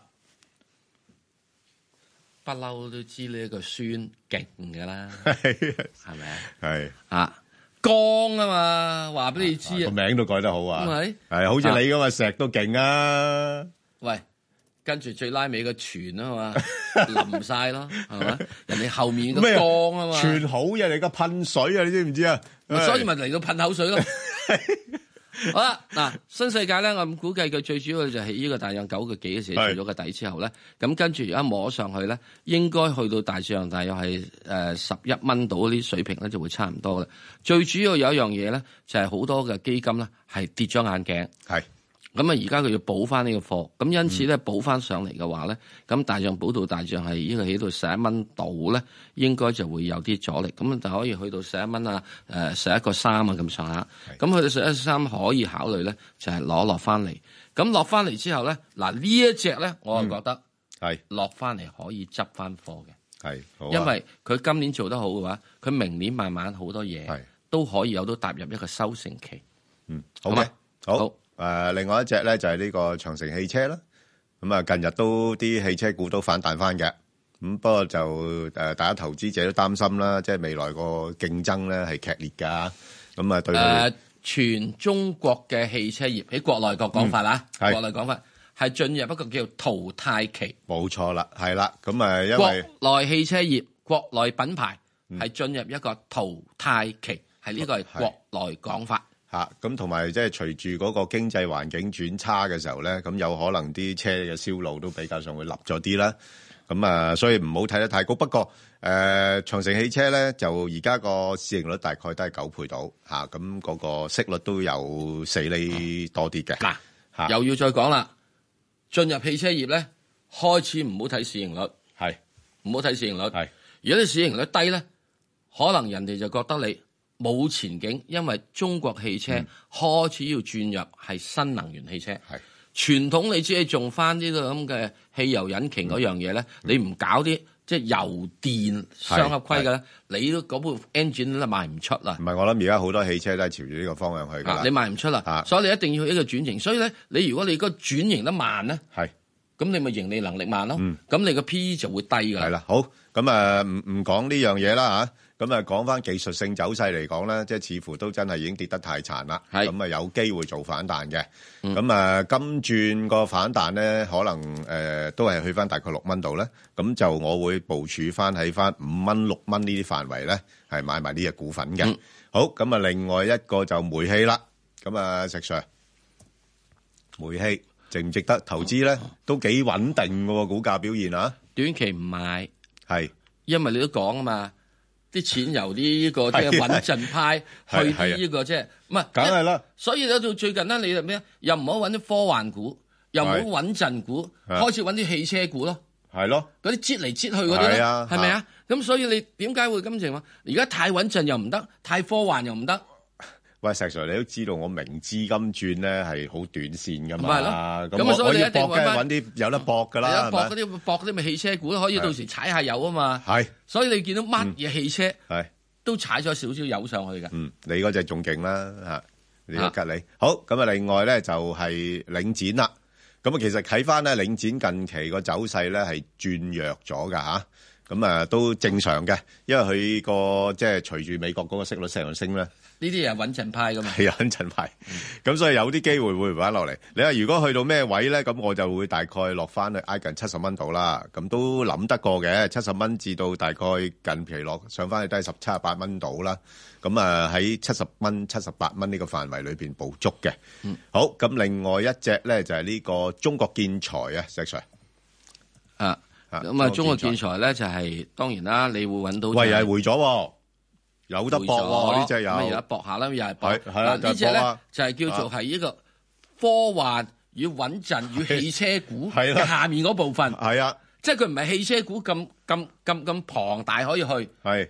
Speaker 1: 不嬲都知呢個孫勁噶啦，
Speaker 2: 係咪啊？係啊，
Speaker 1: 剛啊嘛，話俾你知啊，個名都改得好啊，係，係好似你咁啊，石都勁啊，喂。跟住最拉尾嘅船啊嘛， 淋晒咯，係嘛？ 人哋後面嘅缸啊嘛，船
Speaker 2: 好嘢嚟個噴水啊，你知唔知啊？ 所以咪
Speaker 1: 嚟到噴口水咯、啊。 好啦，嗱、啊，新世界咧，我估計佢最主要就係呢個大約九個幾嘅時是做咗個底之後咧，咁跟住而家摸上去咧，應該去到大上大約係誒十一蚊到啲水平咧，就會差唔多啦。最主要有一樣嘢咧，就係、是、好多嘅基金咧，係跌咗眼鏡，係咁啊，而家佢要補翻呢個貨，咁因此咧補翻上嚟嘅話咧，咁、嗯、大象補到大象係應該起到十一蚊度咧，應該就會有啲阻力，咁就可以去到十一蚊啊，十一個三啊咁上下，咁是去到十一三可以考慮咧，就係攞落翻嚟，咁落翻嚟之後咧，嗱、這個、呢一隻咧我就覺得係落翻嚟可以執翻貨嘅，嗯、因為佢今年做得好嘅話，佢明年慢慢好多嘢是都可以有到踏入一個收成期，嗯，好咩？好。好好。誒，另外一隻咧就係呢個長
Speaker 2: 城汽車啦，咁啊近日都啲汽車股都反彈翻嘅，咁不過就誒，大家投資者都擔心啦，即係未來個競爭咧係劇烈噶，咁啊對誒、
Speaker 1: 呃，全中國嘅汽車業喺國內個講法啦，嗯、國內講法係進入一個叫淘汰期，冇錯啦，係啦，咁啊因為國內汽車業國內品牌係進入一個淘汰期，係呢、嗯、個係國
Speaker 2: 內講法。啊，咁同埋即係隨住嗰個經濟環境轉差嘅時候咧，咁有可能啲車嘅銷路都比較上會落咗啲啦。咁啊，所以唔好睇得太高。不過誒、呃，長城汽車咧就而家個市盈率大概都係九倍到吓，
Speaker 1: 咁嗰個息率都有四厘多啲嘅。嗱、啊，啊、又要再講啦，進入汽車業咧，開始唔好睇市盈率，唔好睇市盈率。係是，如果你市盈率低咧，可能人哋就覺得你，冇前景，因為中國汽車開始要轉入係新能源汽車。係、嗯、傳統，你只係仲翻呢個咁嘅汽油引擎嗰樣嘢咧，嗯、你唔搞啲即係油電雙合規嘅咧，你都嗰部 engine 都賣唔出啦。唔係，我諗而家好多汽車都係朝住呢個方向去噶、啊。你賣唔出啦，啊、所以你一定要去一個轉型。所以咧，你如果你個轉型得慢咧，係咁是你咪盈利能力慢咯。咁、嗯、你個 PE 就會低噶。係啦，好
Speaker 2: 咁啊，唔唔講呢樣嘢啦吓。咁啊，講翻技術性走勢嚟講咧，即係似乎都真係已經跌得太殘啦。咁啊，有機會做反彈嘅。咁啊，今轉個反彈咧，可能誒都係去翻大概六蚊度咧。咁就我會部署翻喺翻五蚊六蚊呢啲範圍咧，係買埋呢隻股份嘅。好咁啊，另外一個就煤氣啦。咁啊，石 Sir，煤氣值唔
Speaker 1: 值得投資咧？都幾穩定嘅喎，股價表現啊。短期唔買係，因為你都講啊嘛。啲錢由呢個即係穩陣派去呢個即係，唔係梗係啦。所以到最近咧，你又咩？又唔好揾啲科幻股，又唔好穩陣股，開始揾啲汽車股咯。係咯，嗰啲折嚟折去嗰啲咧，係咪啊？咁所以你點解會咁情況？而家太穩陣又唔得，太科幻又唔得。
Speaker 2: 喂，石 Sir，你都知道我明資金轉咧係好短線噶嘛？咁啊，所以你一定揾翻揾啲有得搏噶啦，係咪？有搏嗰啲，
Speaker 1: 搏嗰啲咪汽車股可以到時踩下油啊嘛。係，所以你見到乜嘢汽車都踩咗少少油上去㗎。嗯，
Speaker 2: 你嗰隻仲勁啦嚇，你隔離好。咁啊，另外咧就係領展啦。咁啊，其實睇翻咧領展近期個走勢咧係轉弱咗㗎嚇。咁啊，都正常嘅，因為佢、嗰個即係隨住美國嗰個息率上升咧。呢啲係穩陣派噶嘛。係穩陣派，咁、嗯、所以有啲機會會滑落嚟。你話如果去到咩位咧，咁我就會大概落翻去挨近七十蚊度啦。咁都諗得過嘅，七十蚊至到大概近期落上翻去都係十七、八蚊度啦。咁啊喺七十蚊、七十八蚊呢個範圍裏面捕捉嘅。嗯、好，咁另外一隻咧就係、係、呢個中國建材啊，石 Sir。啊。
Speaker 1: 咁啊，中國建材咧就係當然啦，你會揾到，喂又係回咗，有得搏呢？只有而家搏下啦，又係係啦，呢隻咧就係叫做係一個科幻與穩陣與汽車股嘅下面嗰部分係啊，即係佢唔係汽車股咁咁咁咁龐大可以去係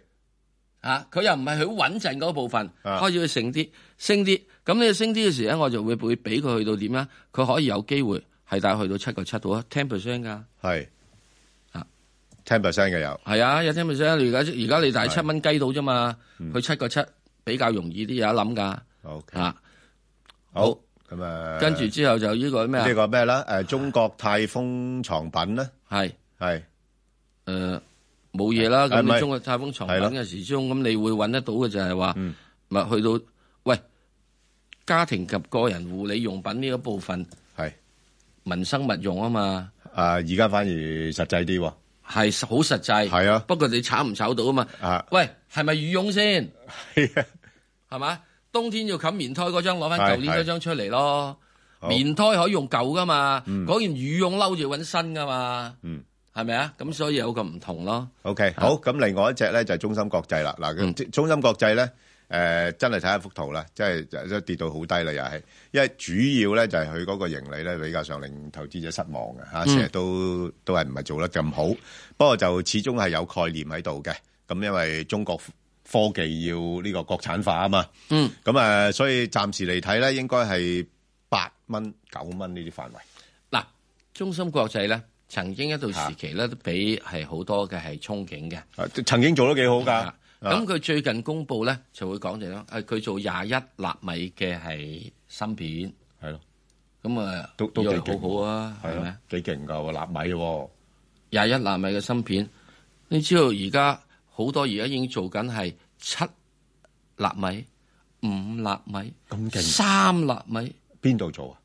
Speaker 1: 啊，佢又唔係好穩陣嗰部分開始去升啲升啲，咁你升啲嘅時咧，我就會會俾佢去到點啦？佢可以有機會係大概去到七個七度啊，ten percent 噶係。Ten percent 嘅有，係啊，有 ten percent。而家而家你大七蚊雞到啫嘛，去七個七比較容易啲有得諗噶。好吓，好咁啊。跟住之後就呢個咩呢個咩啦？誒，中國泰豐床品咧，係係誒冇嘢啦。咁你中國泰豐床品嘅時候，咁你會揾得到嘅就係話，咪去到喂家庭及個人護理用品呢一部分，係民生物用啊嘛。啊，而家反而實際啲。係好實際，係啊，不過你炒唔炒到啊嘛？啊，喂，係咪羽絨先？係啊，係嘛？冬天要冚棉胎嗰張，攞翻舊年嗰張出嚟咯。棉胎可以用舊噶嘛？嗰、嗯、件羽絨褸要揾新噶嘛？
Speaker 2: 嗯，
Speaker 1: 係咪啊？咁所以有個唔同咯。OK，
Speaker 2: 好，咁另外一隻咧就係中芯國際啦。嗱、嗯，中芯國際咧。誒、呃，真係睇一幅圖啦，即係即跌到好低啦，又係，因為主要咧就係佢嗰個盈利咧比較上令投資者失望嘅吓，成日、嗯、都都係唔係做得咁好，不過就始終係有概念喺度嘅，咁因為中國科技要呢個國產化啊嘛，嗯，咁啊、嗯，所以暫時嚟睇咧，應該係八蚊、九蚊呢啲範圍。
Speaker 1: 嗱，中芯國際咧，曾經一度時期咧都俾係好多嘅係憧憬嘅、啊，曾經做得幾好噶。咁佢最近公布咧，就會講嘅咯。誒，佢做廿一納米嘅係芯片，係咯。咁啊，都幾好好啊，係咪？幾勁噶，個納米，廿一納米嘅芯片。你知道而家好多而家已經做緊係七納米、五納米、咁勁，三納米。邊度做啊？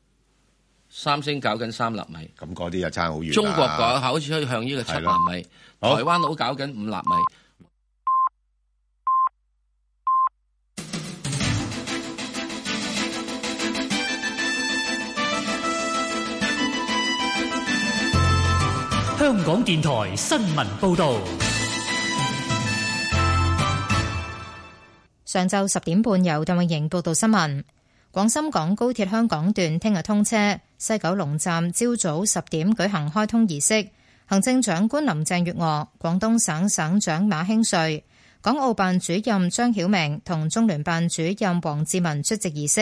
Speaker 1: 三星搞緊三納米。咁嗰啲又差好遠。中國嗰下好似可以向呢個七納米，台灣佬搞緊五納米。
Speaker 4: 香港電台新聞報道。
Speaker 5: 上晝十點半，由鄧永盈報道新聞。廣深港高鐵香港段聽日通車，西九龍站朝早十點舉行開通儀式。行政長官林鄭月娥、廣東省省長馬興瑞、港澳辦主任張曉明同中聯辦主任王志民出席儀式。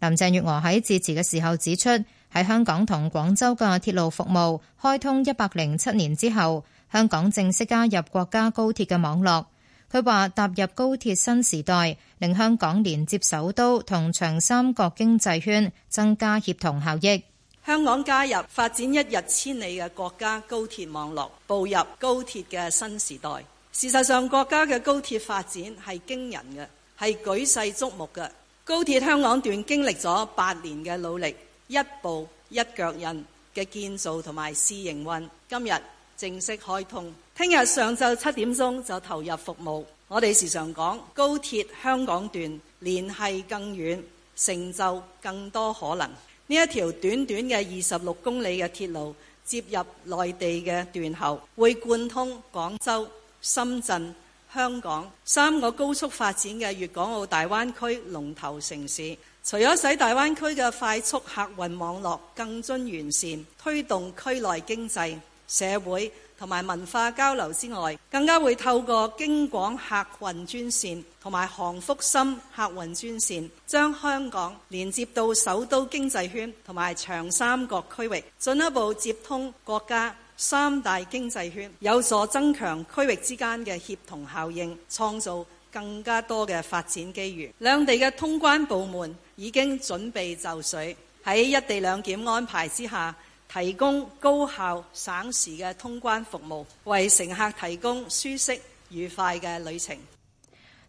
Speaker 5: 林鄭月娥喺致辭嘅時候指出喺香港同廣州嘅鐵路服務開通一百零七年之後，香港正式加入國家高鐵嘅網絡。佢話踏入高鐵新時代，令香港連接首都同長三角經濟圈，增加協同效益。香港加入
Speaker 10: 發展一日千里嘅國家高鐵網絡，步入高鐵嘅新時代。事實上，國家嘅高鐵發展係驚人嘅，係舉世矚目嘅。高鐵香港段經歷咗八年嘅努力。一步一腳印嘅建造同埋試營運，今日正式開通，聽日上晝七點鐘就投入服務，我哋時常講，高鐵香港段聯繫更遠，成就更多可能。呢一條短短嘅二十六公里嘅鐵路接入內地嘅段後，會貫通廣州、深圳、香港三個高速發展嘅粵港澳大灣區龍頭城市。除咗使大灣區嘅快速客運網絡更臻完善，推動區內經濟、社會同埋文化交流之外，更加會透過京廣客運專線同埋杭福深客運專線，將香港連接到首都經濟圈同埋長三角區域，進一步接通國家三大經濟圈，有助增強區域之間嘅協同效應，創造更加多嘅發展機遇，兩地嘅通關部門已經準備就緒，喺一地兩檢安排之下，提供高效省時嘅通關服務，為乘客提供舒適愉快嘅旅程。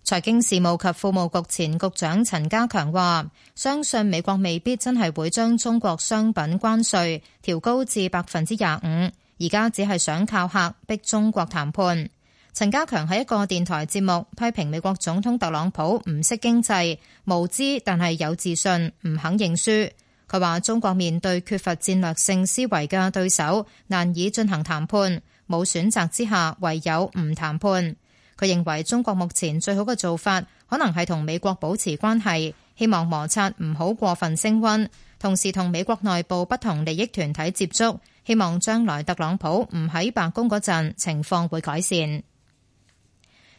Speaker 5: 財經事務及庫務局前局長陳家強話，相信美國未必真係會將中國商品關稅調高至百分之廿五，而家只係想靠嚇逼中國談判。陳家強喺一個電台節目批評美國總統特朗普唔識經濟、無知，但係有自信，唔肯認輸。佢話中國面對缺乏戰略性思維嘅對手，難以進行談判，冇選擇之下唯有唔談判。佢認為中國目前最好嘅做法可能係同美國保持關係，希望摩擦唔好過分升溫，同時同美國內部不同利益團體接觸，希望將來特朗普唔喺白宮嗰陣情況會改善。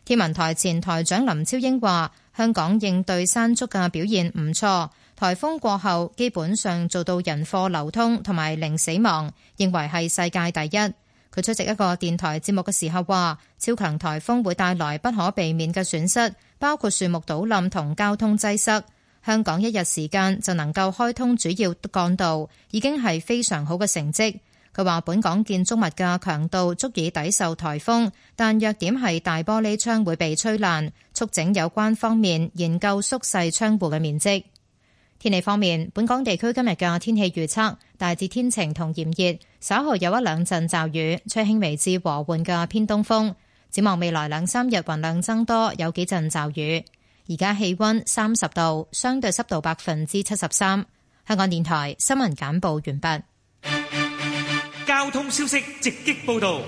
Speaker 5: 天文台前台長林超英話：香港應對山竹嘅表現唔錯，台風過後基本上做到人貨流通同埋零死亡，認為係世界第一。佢出席一個電台節目嘅時候話：超強台風會帶來不可避免嘅損失，包括樹木倒冧同交通擠塞。香港一日時間就能夠開通主要幹道，已經係非常好嘅成績。佢話：他說，本港建築物嘅強度足以抵受台風，但弱點係大玻璃窗會被吹爛，促整有關方面研究縮細窗戶嘅面積。天氣方面，本港地區今日嘅天氣預測大致天晴同炎熱，稍後有一兩陣驟雨，吹輕微至和緩嘅偏東風。展望未來兩三日，雲量增多，有幾陣驟雨。而家氣溫三十度，相對濕度百分之七十三。香港電台新聞簡報完畢。
Speaker 4: 交通消息直擊報道。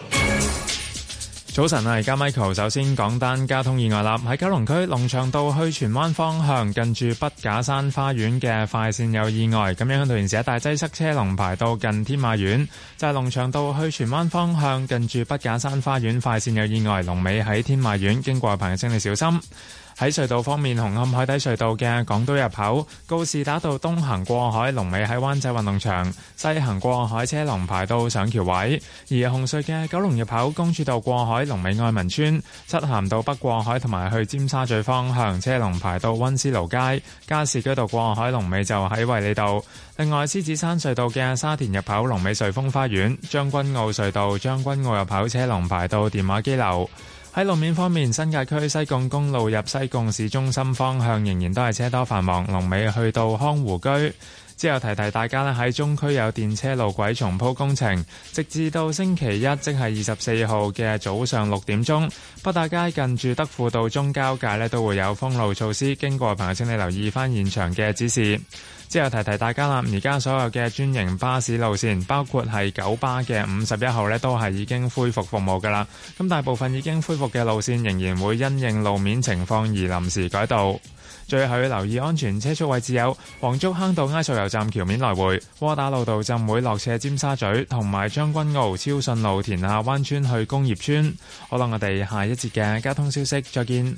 Speaker 7: 早晨啊，而家 Michael 首先講單交通意外啦。喺九龍區龍翔道去荃灣方向，近住畢架山花園嘅快線有意外，咁影響路線者大擠塞，車龍排到近天馬苑。就係龍翔道去荃灣方向，近住畢架山花園快線有意外，龍尾喺天馬苑，經過嘅朋友請你小心。喺隧道方面，紅磡海底隧道嘅港島入口告士打道東行過海龍尾喺灣仔運動場，西行過海車龍排到上橋位；而紅隧嘅九龍入口公主道過海龍尾愛民村，漆咸道北過海同埋去尖沙咀方向車龍排到溫思勞街，加士居道過海龍尾就喺衛理道。另外，獅子山隧道嘅沙田入口龍尾瑞峰花園，將軍澳隧道將軍澳入口車龍排到電話機樓。喺路面方面，新界區西貢公路入西貢市中心方向仍然都係車多繁忙，龍尾去到康湖居。之後提提大家咧，喺中區有電車路軌重鋪工程，直至到星期一，即係二十四號嘅早上六點鐘，畢打街近住德輔道中交界呢，都會有封路措施，經過朋友請你留意翻現場嘅指示。之後提提大家啦，而家所有嘅專營巴士路線，包括係九巴嘅五十一號呢，都係已經恢復服務噶啦。咁大部分已經恢復嘅路線，仍然會因應路面情況而臨時改道。最後要留意安全車速位置有黃竹坑道埃索油站橋面來回，窩打老道浸會落斜尖沙咀同埋將軍澳昭信路田下灣村去工業村。好啦，我哋下一節嘅交通消息再見。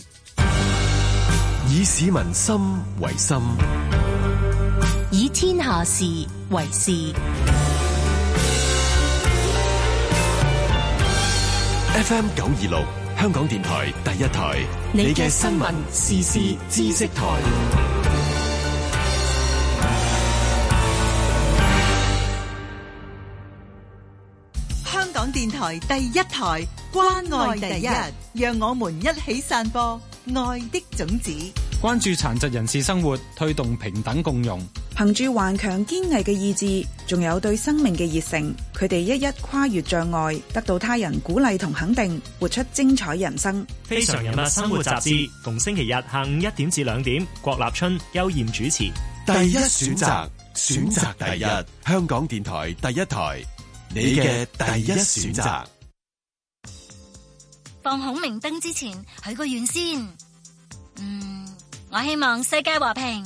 Speaker 7: 以市民心為心。
Speaker 8: 下事
Speaker 2: 為事，F. M. 九二六香
Speaker 7: 港電台第一台，你嘅新聞時事知識台，
Speaker 10: 香港電台第一台關愛第一，讓我們一起散播愛的種子，
Speaker 7: 關注殘疾人士生活，推動平等共融。
Speaker 6: 憑住頑強堅毅嘅意志，仲有對生命嘅熱誠，佢哋一一跨越障礙，得到他人鼓勵同肯定，活出精彩人生。非常人物生活雜誌，
Speaker 4: 逢星期日下午一點至兩點，郭立春、邱
Speaker 2: 艷主持。
Speaker 6: 第一選擇，選擇第一。第一
Speaker 2: 香港電台第一台，你嘅第一選擇。
Speaker 5: 放孔明燈之前，許個願先。嗯，我希望世界和平。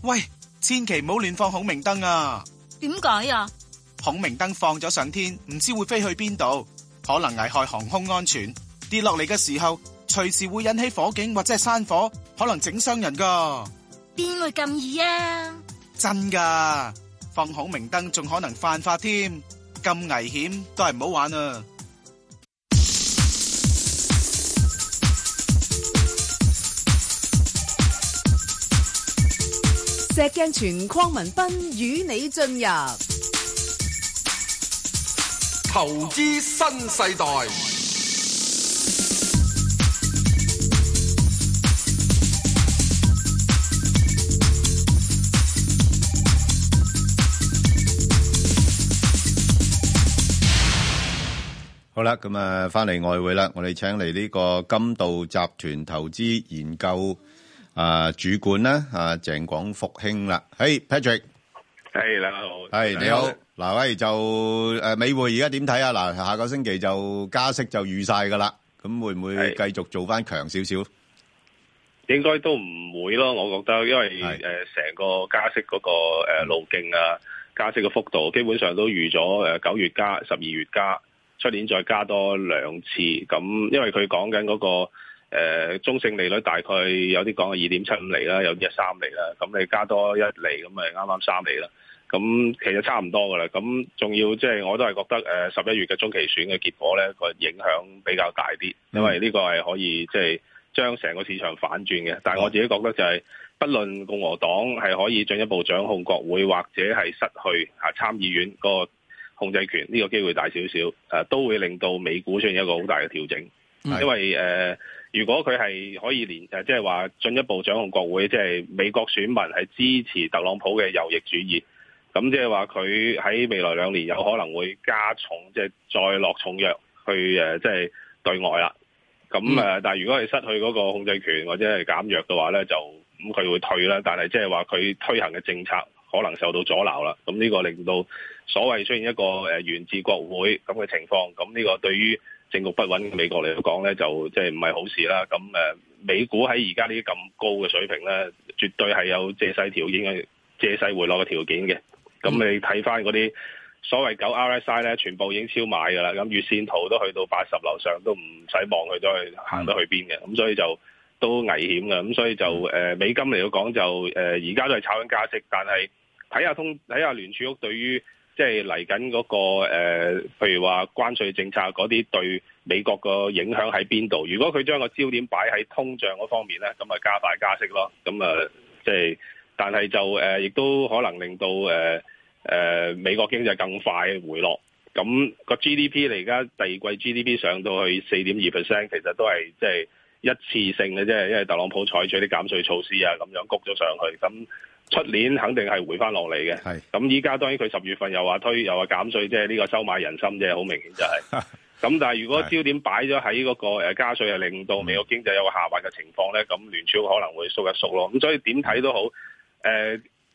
Speaker 4: 喂。千祈唔好亂放孔明燈啊！點解啊？孔明燈放咗上天，唔知會飛去邊度，可能危害航空安全。跌落嚟嘅時候，隨時會引起火警或者係山火，可能整傷人㗎。邊會咁易啊？真㗎，放孔明燈仲可能犯法添，咁危險都係唔好玩啊！
Speaker 10: 石鏡泉、鄺民彬與你進入
Speaker 9: 投資新世代。世代
Speaker 2: 好啦，咁啊，翻嚟外匯啦，我哋請嚟呢個金道集團投資研究。啊，主管啦，啊，鄭廣福兄啦，嘿，Patrick，係，大家好，係你好，嗱，喂，就誒，美匯而家點睇啊？嗱，下個星期就加息就預晒噶啦，咁會唔會繼續做翻強少少？
Speaker 11: 應該都唔會咯，我覺得，因為誒成個加息嗰個誒路徑啊，加息嘅幅度基本上都預咗誒九月加、十二月加，出年再加多兩次，咁因為佢講緊嗰個。誒、呃、中性利率大概有啲講係二點七五厘啦，有啲係三厘啦，咁你加多一厘，咁咪啱啱三厘啦，咁其實差唔多噶啦。咁仲要即係我都係覺得誒十一月嘅中期選嘅結果咧，個影響比較大啲，因為呢個係可以即係將成個市場反轉嘅。但係我自己覺得就係、是，不論共和黨係可以進一步掌控國會，或者係失去嚇參議院個控制權，呢、這個機會大少少、呃，都會令到美股出現一個好大嘅調整，因為誒。呃如果佢係可以連誒，即係話進一步掌控國會，即係美國選民係支持特朗普嘅右翼主義，咁即係話佢喺未來兩年有可能會加重，即係再落重藥去誒，即係對外啦。咁誒，但係如果係失去嗰個控制權或者係減弱嘅話咧，就咁佢、嗯、會退啦。但係即係話佢推行嘅政策可能受到阻撓啦。咁呢個令到所謂出現一個誒源自國會咁嘅情況。咁呢個對於。政局不穩美國嚟講咧，就即係唔係好事啦。咁誒，美股喺而家呢啲咁高嘅水平咧，絕對係有借勢條件嘅，借勢回落嘅條件嘅。咁你睇翻嗰啲所謂九 RSI 咧，全部已經超買㗎啦。咁月線圖都去到八十樓上，都唔使望佢都再行得去邊嘅。咁、嗯、所以就都危險嘅。咁所以就誒、呃、美金嚟講，就誒而家都係炒緊加息。但係睇下通，睇下聯儲局對於。即係嚟緊嗰個、呃、譬如話關稅政策嗰啲對美國個影響喺邊度？如果佢將個焦點擺喺通脹嗰方面咧，咁啊加大加息咯。咁啊，即、就、係、是、但係就誒，亦、呃、都可能令到誒、呃呃、美國經濟更快回落。咁個 GDP 你而家第二季 GDP 上到去四點二 percent，其實都係即係一次性嘅，啫因為特朗普採取啲減稅措施啊，咁樣谷咗上去咁。出年肯定係回翻落嚟嘅，咁依家當然佢十月份又話推，又話減稅，即係呢個收買人心啫、即係，好明顯就係。咁但係如果焦點擺咗喺嗰個加稅，又令到美國經濟有個下滑嘅情況咧，咁聯儲可能會縮一縮咯。咁所以點睇都好，誒暫、嗯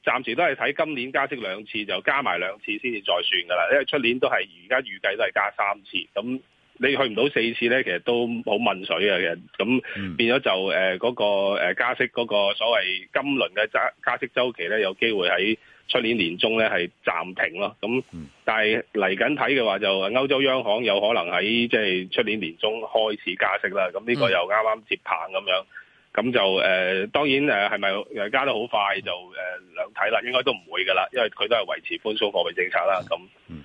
Speaker 11: 呃、時都係睇今年加息兩次就加埋兩次先至再算㗎啦，因為出年都係而家預計都係加三次咁。你去唔到四次呢，其實都好問水嘅，咁、嗯、變咗就誒嗰、呃嗰個加息嗰個所謂今輪嘅加息周期呢，有機會喺出年年中呢係暫停咯。咁但係嚟緊睇嘅話，就歐洲央行有可能喺即係出年年中開始加息啦。咁呢個又啱啱接棒咁樣。咁就誒、呃，當然誒係咪加得好快就誒兩睇啦，應該都唔會噶啦，因為佢都係維持寬鬆貨幣政策啦。咁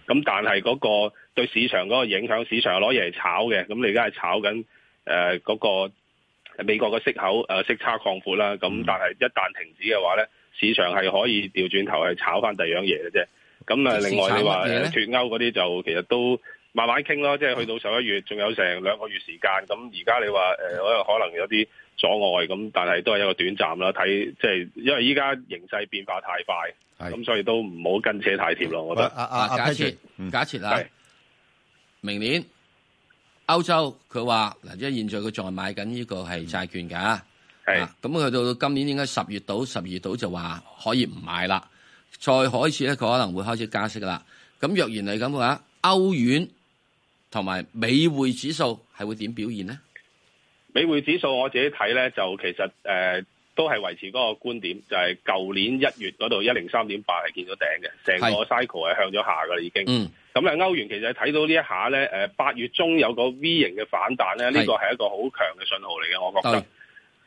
Speaker 11: 咁，但係嗰個對市場嗰個影響，市場攞嘢嚟炒嘅，咁你而家係炒緊誒嗰個美國嘅息口誒息差擴闊啦。咁但係一旦停止嘅話咧，市場係可以調轉頭去炒翻第二樣嘢嘅啫。咁啊，另外你話脫鈎嗰啲就其實都慢慢傾咯，即、就、係、是、去到十一月仲有成兩個月時間。咁而家你話、呃、可能有啲。阻礙咁，但係都係一個短暫啦。睇即係，因為依家形勢變化太快，咁是所以都唔好跟車太貼咯。我覺得，
Speaker 1: 啊啊，假設假設啊，明年歐洲佢話嗱，即係現在佢仲係買緊呢個係債券噶、啊，係咁佢到今年應該十月到十二度，就話可以唔買啦。再開始咧，佢可能會開始加息啦。咁若然係咁嘅話，歐元同埋美匯指數係會點表現咧？
Speaker 11: 美匯指數我自己睇咧，就其實誒、呃、都係維持嗰個觀點，就係、是、舊年一月嗰度一零三點八係見到頂嘅，成個 cycle 係向咗下噶啦已經。咁啊歐元其實睇到呢一下咧，誒、呃、八月中有個 V 型嘅反彈咧，呢、這個係一個好強嘅信號嚟嘅，我覺得。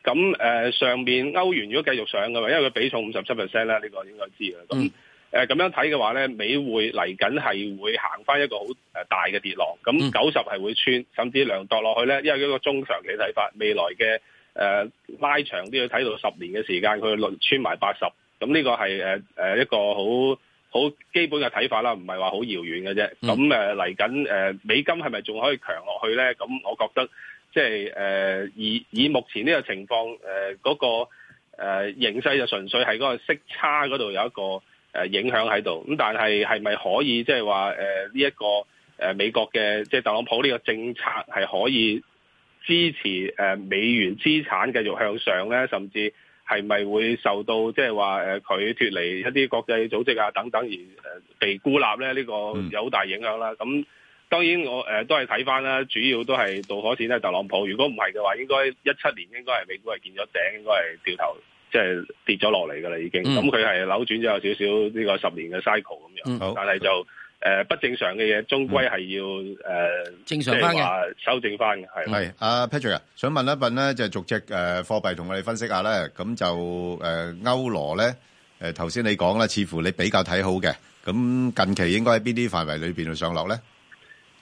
Speaker 11: 咁是、呃、上面歐元如果繼續上嘅話，因為佢比重五十七 percent 咧，呢、這個應該知㗎。嗯咁樣睇嘅話咧，美匯嚟緊係會行翻一個好大嘅跌浪，咁九十係會穿，甚至量度落去咧。因為一個中長期睇法，未來嘅、呃、拉長啲要睇到十年嘅時間，佢穿埋八十，咁呢個係一個好好基本嘅睇法啦，唔係話好遙遠嘅啫。咁嚟緊美金係咪仲可以強落去咧？咁我覺得即係、呃、以以目前呢個情況嗰、呃嗰個、呃、形勢就純粹係嗰個息差嗰度有一個。誒影響喺度，咁但係係咪可以即係話誒呢一個誒、呃、美國嘅即係特朗普呢個政策係可以支持誒、呃、美元資產繼續向上咧？甚至係咪會受到即係話誒佢脱離一啲國際組織啊等等而誒被孤立咧？呢、這個有好大影響啦。咁、嗯、當然我誒、呃、都係睇翻啦，主要都係導火線咧，特朗普。如果唔係嘅話，應該一七年應該係美股係見咗頂，應該係掉頭。即係跌咗落嚟噶啦，已經咁佢係扭轉咗有少少呢個十年嘅 cycle 咁樣，但係就誒不正常嘅嘢，終歸係要誒正常翻嘅，修正翻嘅係。
Speaker 2: 係阿 Patrick 啊，想問一問咧，就係逐隻誒貨幣同我哋分析下咧，咁就誒歐羅咧，誒頭先你講咧，似乎你比較睇好嘅，咁近期應該喺邊啲範圍裏邊度上落咧？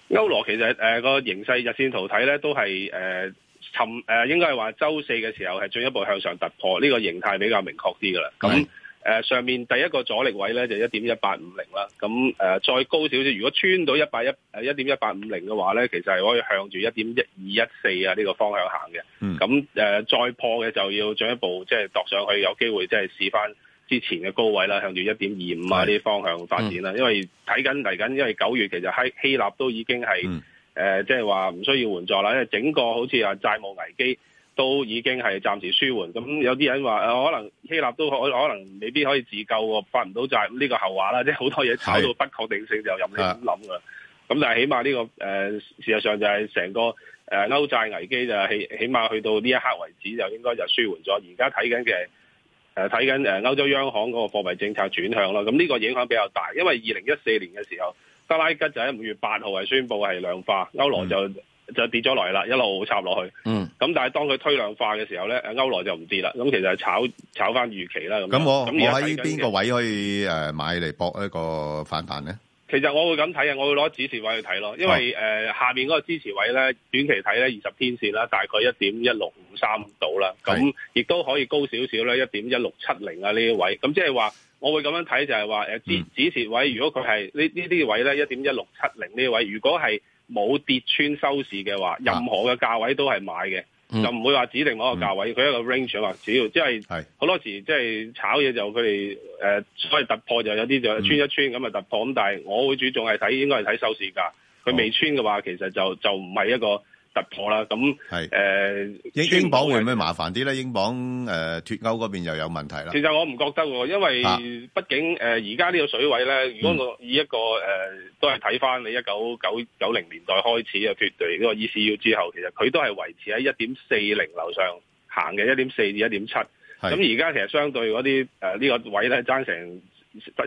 Speaker 11: 歐羅其實誒個形勢日綫圖睇咧，都係誒。沉誒應該係話週四嘅時候係進一步向上突破，呢、呢個形態比較明確啲㗎啦。咁誒、嗯呃、上面第一個阻力位咧就、嗯呃、再高一點一八五零啦。咁誒再高少少，如果穿到一八一誒一點一八五零嘅話咧，其實係可以向住一點一二一四啊呢個方向行嘅。咁誒、嗯嗯呃、再破嘅就要進一步即係、就係、度上去，有機會即係試返之前嘅高位啦，向住一點二五啊呢啲方向發展啦、嗯。因為睇緊嚟緊，因為九月其實喺希臘都已經係。嗯誒，即係話唔需要援助啦，因為整個好似啊債務危機都已經係暫時舒緩。咁有啲人話誒、呃，可能希臘都可可能未必可以自救喎，發唔到債。呢、這個後話啦，即係好多嘢炒到不確定性就任你咁諗噶咁是是 但係起碼呢、這個誒、呃、事實上就係成個誒歐債危機就起起碼去到呢一刻為止就應該就舒緩咗。而家睇緊嘅誒睇緊誒歐洲央行嗰個貨幣政策轉向咯。咁呢個影響比較大，因為二零一四年嘅時候。德拉吉就喺五月八號係宣布係量化，歐羅就、嗯、就跌咗落嚟啦，一路插落去。嗯，咁但係當佢推量化嘅時候咧，歐羅就唔跌啦。咁其實係炒炒翻預期啦。咁我咁而喺邊個位可
Speaker 2: 以誒買嚟搏呢個反彈咧？
Speaker 11: 其實我會咁睇，我會攞指示位去睇咯。因為誒、哦呃、下面嗰個支持位咧，短期睇咧二十天線啦，大概一點一六五三度啦。咁亦都可以高少少咧，一點一六七零啊呢一位。咁即係話。我會咁樣睇就係、是、話、呃、指指示位，如果佢係呢呢啲位咧一點一六七零呢位，如果係冇跌穿收市嘅話，任何嘅價位都係買嘅，啊、就唔會話指定某個價位，佢、啊、一個 range 啊嘛，主要即係好多時即係炒嘢就佢誒、呃、所謂突破就有啲就穿一穿咁啊突破，咁、啊、但係我會注重係睇應該係睇收市價，佢未穿嘅話，其實就就唔係一個，突破啦，咁係誒，是呃、英英鎊會唔會
Speaker 2: 麻煩啲咧？英鎊誒脱歐嗰邊又有問題啦。其實
Speaker 11: 我唔覺得喎，因為畢竟誒而家呢個水位咧，如果我以一個誒、嗯呃，都係睇返你一九九九零年代開始嘅脫對，因為 E C U 之後，其實佢都係維持喺一點四零樓上行嘅，一點四至一點七。咁而家其實相對嗰啲誒呢個位咧，爭成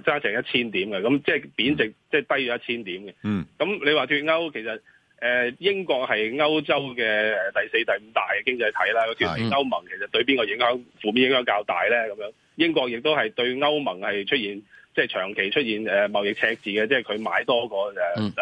Speaker 11: 爭成一千點嘅，咁即係貶值，即係低咗一千點嘅。嗯，咁、嗯、你話脱歐其實？誒，英國係歐洲嘅第四、第五大嘅經濟體啦。佢脫離歐盟，其實對邊個影響，負面影響較大咧？咁樣，英國亦都係對歐盟係出現，即係長期出現誒貿易赤字嘅，即係佢買多過誒誒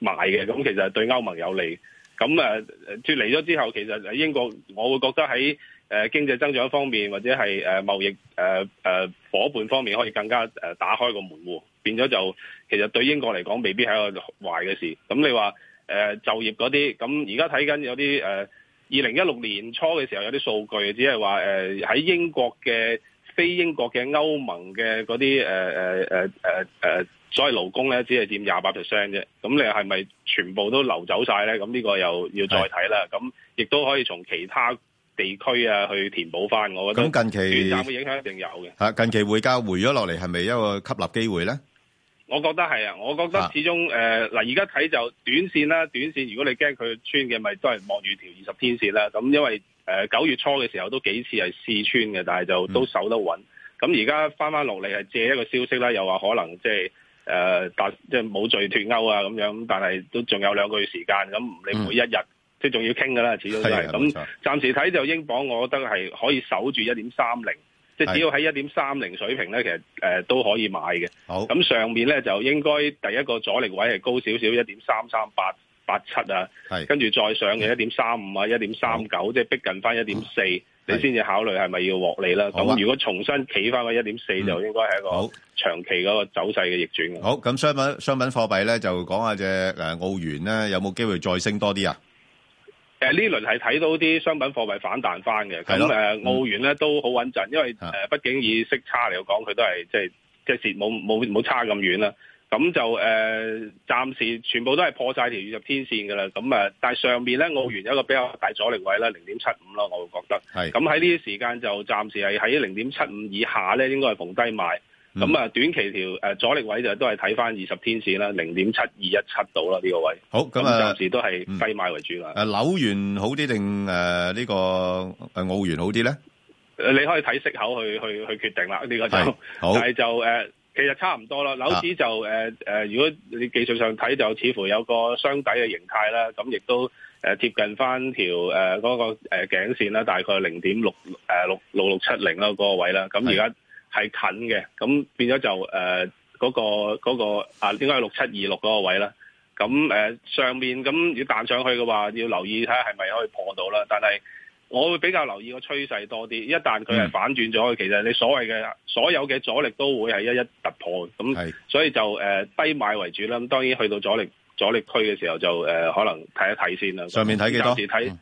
Speaker 11: 賣嘅。咁其實對歐盟有利。咁、嗯、啊，脫離咗之後，其實喺英國，我會覺得喺誒經濟增長方面，或者係誒貿易誒誒夥伴方面，可以更加誒打開個門戶，變咗就其實對英國嚟講，未必係一個壞嘅事。咁你話？誒、呃、就業嗰啲，咁而家睇緊有啲誒，二零一六年初嘅時候有啲數據，只係話誒喺英國嘅非英國嘅歐盟嘅嗰啲誒誒誒誒誒，所謂勞工咧，只係佔廿八 percent 嘅。咁你係咪全部都流走晒咧？咁呢個又要再睇啦。咁亦都可以從其他地區啊去填補翻。我覺得短期影響一定有嘅。
Speaker 2: 嚇，近期匯價回咗落嚟，係咪一個吸納機會咧？
Speaker 11: 我覺得係啊，我覺得始終誒嗱，而家睇就短線啦，短線如果你驚佢穿嘅，咪都係望住條二十天線啦。咁因為誒九、呃、月初嘅時候都幾次係試穿嘅，但係就都守得穩。咁而家翻翻落嚟係借一個消息啦，又話可能即係誒，即係冇罪脱歐啊咁樣，但係都仲有兩個月時間，咁你每一日、嗯、即係仲要傾噶啦，始終都係咁。暫時睇就英鎊，我覺得係可以守住一點三零。即係是只要喺一點三零水平咧，其實誒、呃、都可以買嘅。好，咁上面咧就應該第一個阻力位係高少少一點三三八八七啊，是跟住再上嘅一點三五啊、一點三九，即係逼近翻一點四、嗯，你先至考慮係咪要獲利啦。咁是如果重新企翻個一點四、嗯，就應該係一個好長期嗰個走勢嘅逆轉啊。
Speaker 2: 好，咁商品商品貨幣咧就講下隻澳元咧，有冇機會再升多啲啊？
Speaker 11: 誒，呢輪係睇到啲商品貨幣反彈翻嘅，咁誒澳元咧都好穩陣，因為誒、呃、畢竟以息差嚟講，佢都係即係即時冇冇冇差咁遠啦。咁就誒、呃、暫時全部都係破晒條十天線㗎啦。咁誒，但係上面咧澳元有一個比較大阻力位啦，零點七五咯，我會覺得。係。咁喺呢啲時間就暫時係喺零點七五以下咧，應該係逢低買。咁啊，嗯、短期條誒阻力位就都係睇翻二十天線啦，零點七二一七度啦呢個位。好，咁暫時都係低賣為主啦。
Speaker 2: 誒，紐元好啲定誒呢個誒澳元好啲
Speaker 11: 咧？你可以睇息口去去去決定啦。呢個就係好，但係就誒，其實差唔多啦。樓市就誒、啊呃、如果你技術上睇就似乎有個雙底嘅形態啦。咁亦都誒貼近翻條誒嗰個誒頸線啦，大概零點六誒六六六七零啦嗰個位啦。咁而家。係近嘅，咁變咗就誒嗰、呃那個嗰、那個啊，應該係六七二六嗰個位啦。咁誒、呃、上面咁，要彈上去嘅話，要留意睇下係咪可以破到啦。但係我會比較留意個趨勢多啲。一旦佢係反轉咗，嗯、其實你所謂嘅所有嘅阻力都會係一一突破。咁，是所以就誒、呃、低買為主啦。咁當然去到阻力阻力區嘅時候就，就、呃、誒可能睇一睇先啦。上面睇幾多？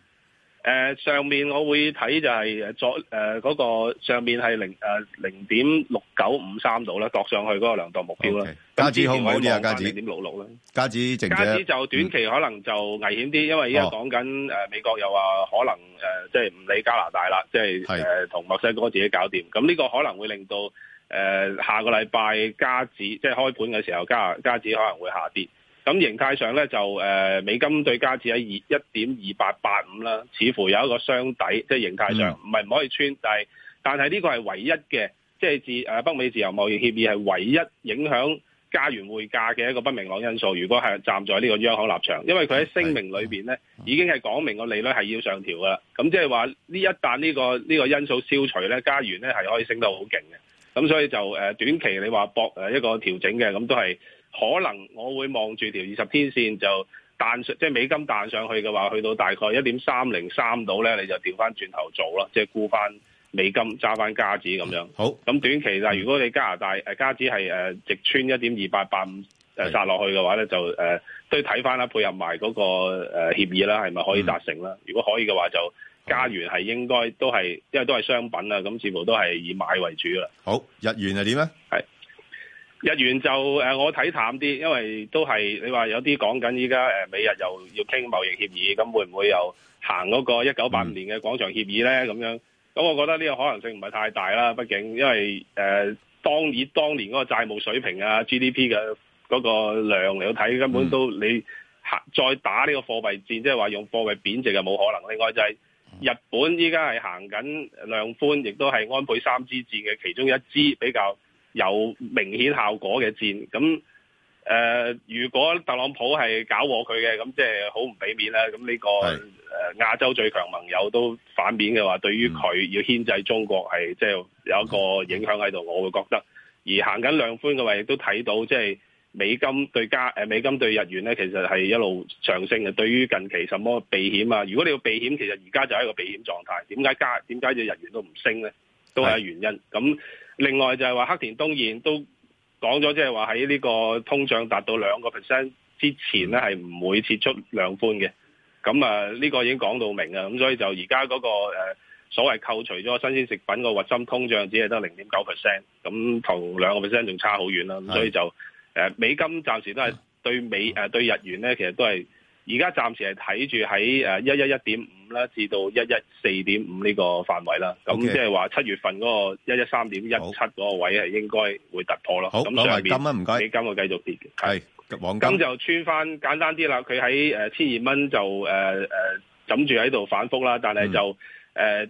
Speaker 11: 誒、呃、上面我會睇就係左誒嗰個上面係零誒零點六九五三度啦，度上去嗰個量度目標啦。家指好唔好啲啊？家指零點
Speaker 2: 六六啦，家指
Speaker 11: 靜者。家指就短期可能就危險啲，險嗯、因為依家講緊誒美國又話可能誒即係唔理加拿大啦，即係誒同墨西哥自己搞掂。咁呢個可能會令到誒、呃、下個禮拜家指即係開盤嘅時候家家指可能會下跌。咁形態上咧就誒、呃、美金對加字喺二一點二八八五啦，似乎有一個雙底，即係形態上唔係唔可以穿，但係但係呢個係唯一嘅，即係自誒北美自由貿易協議係唯一影響加元匯價嘅一個不明朗因素。如果係站在呢個央行立場，因為佢喺聲明裏面咧的已經係講明個利率係要上調噶啦，咁即係話呢一旦呢個呢個因素消除咧，加元咧係可以升到好勁嘅，咁所以就誒短期你話博誒一個調整嘅咁都係。可能我會望住條二十天線就彈上，即係美金彈上去嘅話，去到大概一點三零三度咧，你就調翻轉頭做啦，即係沽翻美金，揸翻加紙咁樣。好，咁短期啦，如果你加拿大誒加紙係直穿一點二八八五殺落去嘅話咧，就誒、呃、都要睇翻啦，配合埋嗰個誒協議啦，係咪可以達成啦？嗯、如果可以嘅話，就加元係應該都係，因為都係商品啦，咁似乎都係以買為主啦。
Speaker 2: 好，日元係點咧？係。
Speaker 11: 日元就誒我睇淡啲，因為都係你話有啲講緊依家誒美日又要傾貿易協議，咁會唔會又行嗰個一九八五年嘅廣場協議咧？咁、嗯、樣咁，我覺得呢個可能性唔係太大啦。畢竟因為誒當以當年嗰個債務水平啊、GDP 嘅嗰個量嚟睇，根本都你再打呢個貨幣戰，即係話用貨幣貶值嘅冇可能。另外就係日本依家係行緊量寬，亦都係安倍三支箭嘅其中一支比較，有明顯效果嘅戰咁誒、呃，如果特朗普係搞過佢嘅，咁即係好唔俾面啦。咁呢、呢個誒是、呃、亞洲最強盟友都反面嘅話，對於佢要牽制中國係即係有一個影響喺度，我會覺得。而行緊量寬嘅話，亦都睇到即係美金對加誒、呃、美金對日元咧，其實係一路上升嘅。對於近期什麼避險啊，如果你要避險，其實而家就係一個避險狀態。點解加點解隻日元都唔升咧？都係原因咁。是另外就係話黑田東彥都講咗，即係話喺呢個通脹達到兩個 percent 之前咧，係唔會撤出量寬嘅。咁啊，呢、這個已經講到明啊。咁所以就而家嗰個、呃、所謂扣除咗新鮮食品個核心通脹，只係得零點九 percent，咁同兩個 percent 仲差好遠啦。咁所以就誒的、呃、美金暫時都係對美誒、呃、對日元咧，其實都係而家暫時係睇住喺誒一一一點五。呃啦，至到一一四點五呢個範圍啦，咁即係話七月份嗰個一一三點一七嗰個位係應該會突破咯。好，講埋金啊，唔該。幾金我繼續跌嘅，係。咁就穿翻簡單啲啦，佢喺千二蚊就誒誒枕住喺度反覆啦，但係就誒、嗯呃、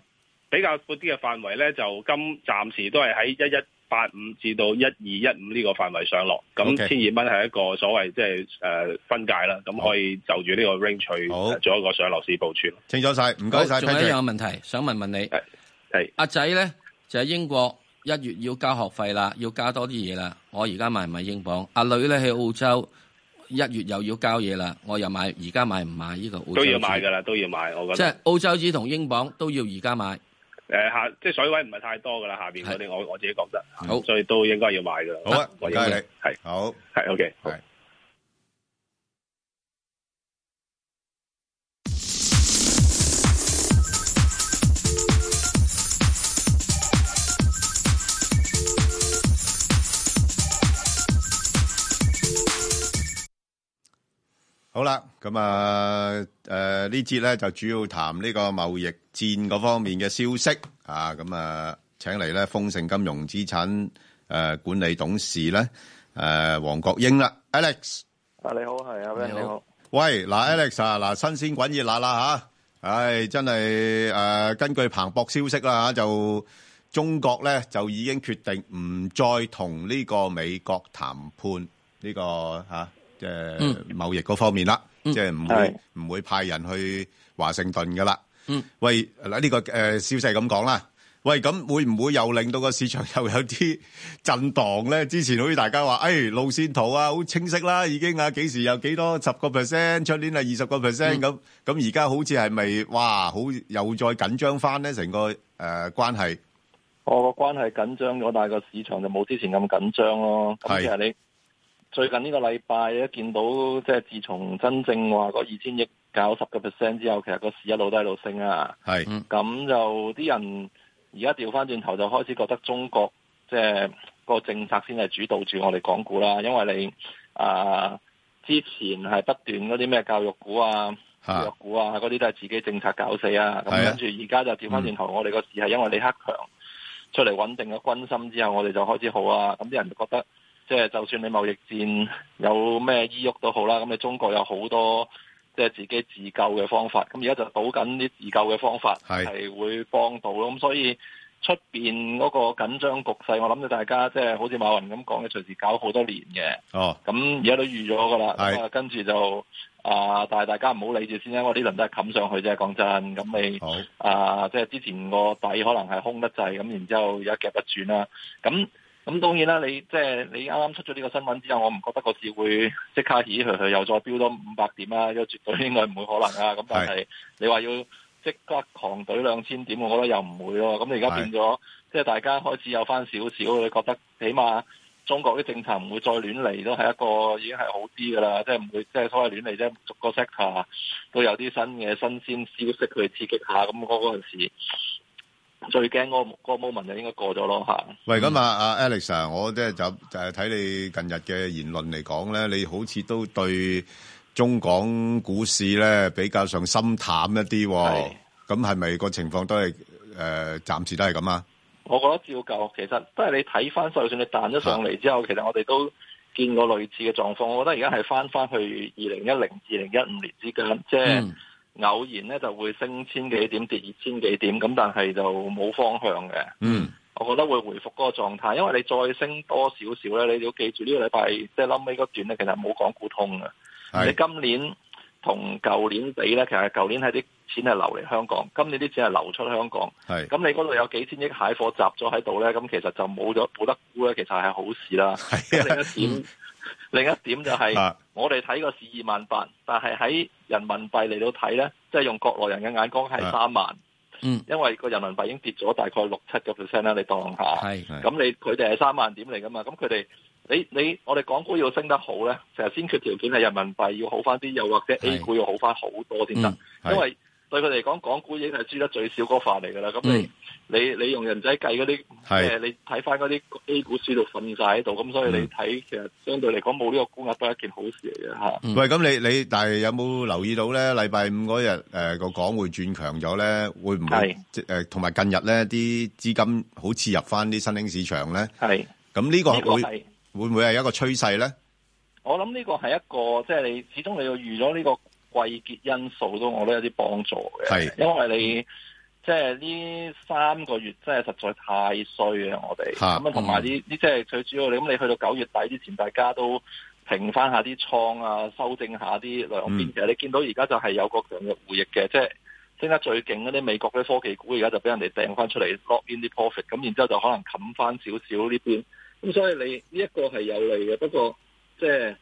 Speaker 11: 比較闊啲嘅範圍咧，就金暫時都係喺一一八五至到一二一五呢個範圍上落，咁千二蚊係一個所謂即係誒分界啦，咁 Okay. 可以就住呢個 range 去做一個上落市部署。
Speaker 1: 清楚晒，唔該曬。仲有一樣問題想問問你。係阿仔呢，就係、是、英國一月要交學費啦，要加多啲嘢啦。我而家買唔買英鎊？阿女呢，喺澳洲一月又要交嘢啦，我又買而家買唔買呢個澳洲？都要買噶啦，
Speaker 11: 都要買。我覺得即係
Speaker 1: 澳洲紙同英鎊都要而家買。
Speaker 11: 誒，下即係水位唔係太多噶啦，下邊嗰啲我我自己覺得，好所以都應該要買噶啦。好啊的，唔該你，係是好，係
Speaker 1: OK，係。Okay. okay.
Speaker 2: 好啦，咁啊，誒呢節咧就主要談呢個貿易戰嗰方面嘅消息啊，咁啊，請嚟咧豐盛金融資產誒管理董事咧誒黃國英啦，Alex，啊你好，係啊，你好，喂，嗱 Alex 啊，嗱新鮮滾熱辣啦吓，唉真係誒根據彭博消息啦吓，就中國咧就已經決定唔再同呢個美國談判呢個吓。誒，貿易嗰方面啦，即係唔會唔會派人去華盛頓噶啦。嗯，喂，嗱呢個誒消息咁講啦，喂，咁會唔會又令到個市場又有啲震盪咧？之前好似大家話，誒路線圖啊好清晰啦，已經啊幾時有幾多十個 percent，出年係二十個 percent 咁，咁而家好似係咪哇，好又再緊張翻咧？成個誒關係，
Speaker 9: 哦，個關係緊張咗，但係個市場就冇之前咁緊張咯。係。最近呢個禮拜一見到，即係自從真正話嗰二千億搞十個 percent 之後，其實個市一路都喺度升啊。咁是就啲人而家調翻轉頭就開始覺得中國即係個政策先係主導住我哋港股啦。因為你啊、呃、之前係不斷嗰啲咩教育股啊、啊醫藥股啊，嗰啲都係自己政策搞死啊。咁跟住而家就調翻轉頭，嗯、我哋個市係因為李克強出嚟穩定咗軍心之後，我哋就開始好啊。咁啲人就覺得。即係就算你貿易戰有咩醫郁都好啦，咁你中國有好多即係自己自救嘅方法，咁而家就補緊啲自救嘅方法，係是會幫到咯。咁所以出面嗰個緊張局勢，我諗到大家即係好似馬雲咁講嘅，隨時搞好多年
Speaker 7: 嘅。哦，
Speaker 9: 咁而家都預咗㗎啦，跟住就啊、呃，但係大家唔好理住先啦，我呢輪都係冚上去啫。講真，咁你啊好、呃，即係之前個底可能係空得滯，咁然之後有一腳一轉啦，咁。咁當然啦，你即係、就是、你啱啱出咗呢個新聞之後，我唔覺得個市會即刻起佢去又再飆多五百點啦，又絕對應該唔會可能啊。咁是但係你話要即刻狂隊兩千點，我覺得又唔會咯。咁你而家變咗，是即係大家開始有翻少少，你覺得起碼中國啲政策唔會再亂嚟，都係一個已經係好啲噶啦。即係唔會即係所謂亂嚟啫，逐個 sector 都有啲新嘅新鮮消息去刺激下咁嗰嗰陣時。那個最驚嗰個 moment 就應該過咗咯吓，嗯、
Speaker 2: 喂，咁啊，阿、uh, Alex 啊，我即係就就係睇你近日嘅言論嚟講咧，你好似都對中港股市咧比較上心淡一啲喎。咁係咪個情況都係誒、呃、暫時都係咁啊？
Speaker 9: 我覺得照舊，其實都係你睇翻，就算你彈咗上嚟之後，是其實我哋都見過類似嘅狀況。我覺得而家係翻翻去二零一零、二零一五年之間，即係、嗯。偶然咧就會升千幾點，跌二千幾點，咁但係就冇方向嘅。
Speaker 10: 嗯，
Speaker 9: 我覺得會回復嗰個狀態，因為你再升多少少咧，你要記住呢個禮拜即係冧尾嗰段咧，其實冇港股通嘅。是你今年同舊年比咧，其實舊年係啲錢係流嚟香港，今年啲錢係流出香港。係是，咁你嗰度有幾千億蟹貨集咗喺度咧，咁其實就冇咗冇得沽咧，其實係好事啦。另一點就係，我哋睇個市二萬八，但係喺人民幣嚟到睇咧，即係用國內人嘅眼光係三萬，嗯、因為個人民幣已經跌咗大概六七個 percent 啦。你當下，咁你佢哋係三萬點嚟㗎嘛？咁佢哋，你你我哋港股要升得好咧，成日先決條件係人民幣要好翻啲，又或者 A 股要好翻好多先得，嗯、因為。對佢嚟講，港股已經係輸得最少嗰塊嚟噶啦。咁你你你用人仔計嗰啲，誒，你睇翻嗰啲 A 股輸到瞓晒喺度，咁所以你睇其實相對嚟講冇呢個沽壓都係一件好事嚟嘅吓。喂，咁你
Speaker 2: 你但係有冇留意到咧？禮拜五嗰日誒個港匯轉強咗咧，會唔會即係誒？同埋近日咧，啲資金好似入翻啲新興市場咧，係咁呢個會會唔會係一個趨勢咧？
Speaker 9: 我諗呢個係一個即係你始終你要預咗呢個。季結因素都我都有啲幫助嘅。是因為你即係呢三個月真係實在太衰呀。我哋咁啊，同埋啲即係最主要你咁，你去到九月底之前，大家都平翻下啲倉啊，修正下啲兩邊、嗯、其實。你見到而家就係有個強嘅回憶嘅，即、就、係、是、升得最勁嗰啲美國啲科技股，而家就俾人哋掟翻出嚟 lock in 啲 profit，咁然之後就可能冚翻少少呢邊。咁所以你呢一、這個係有利嘅，不過即係。就是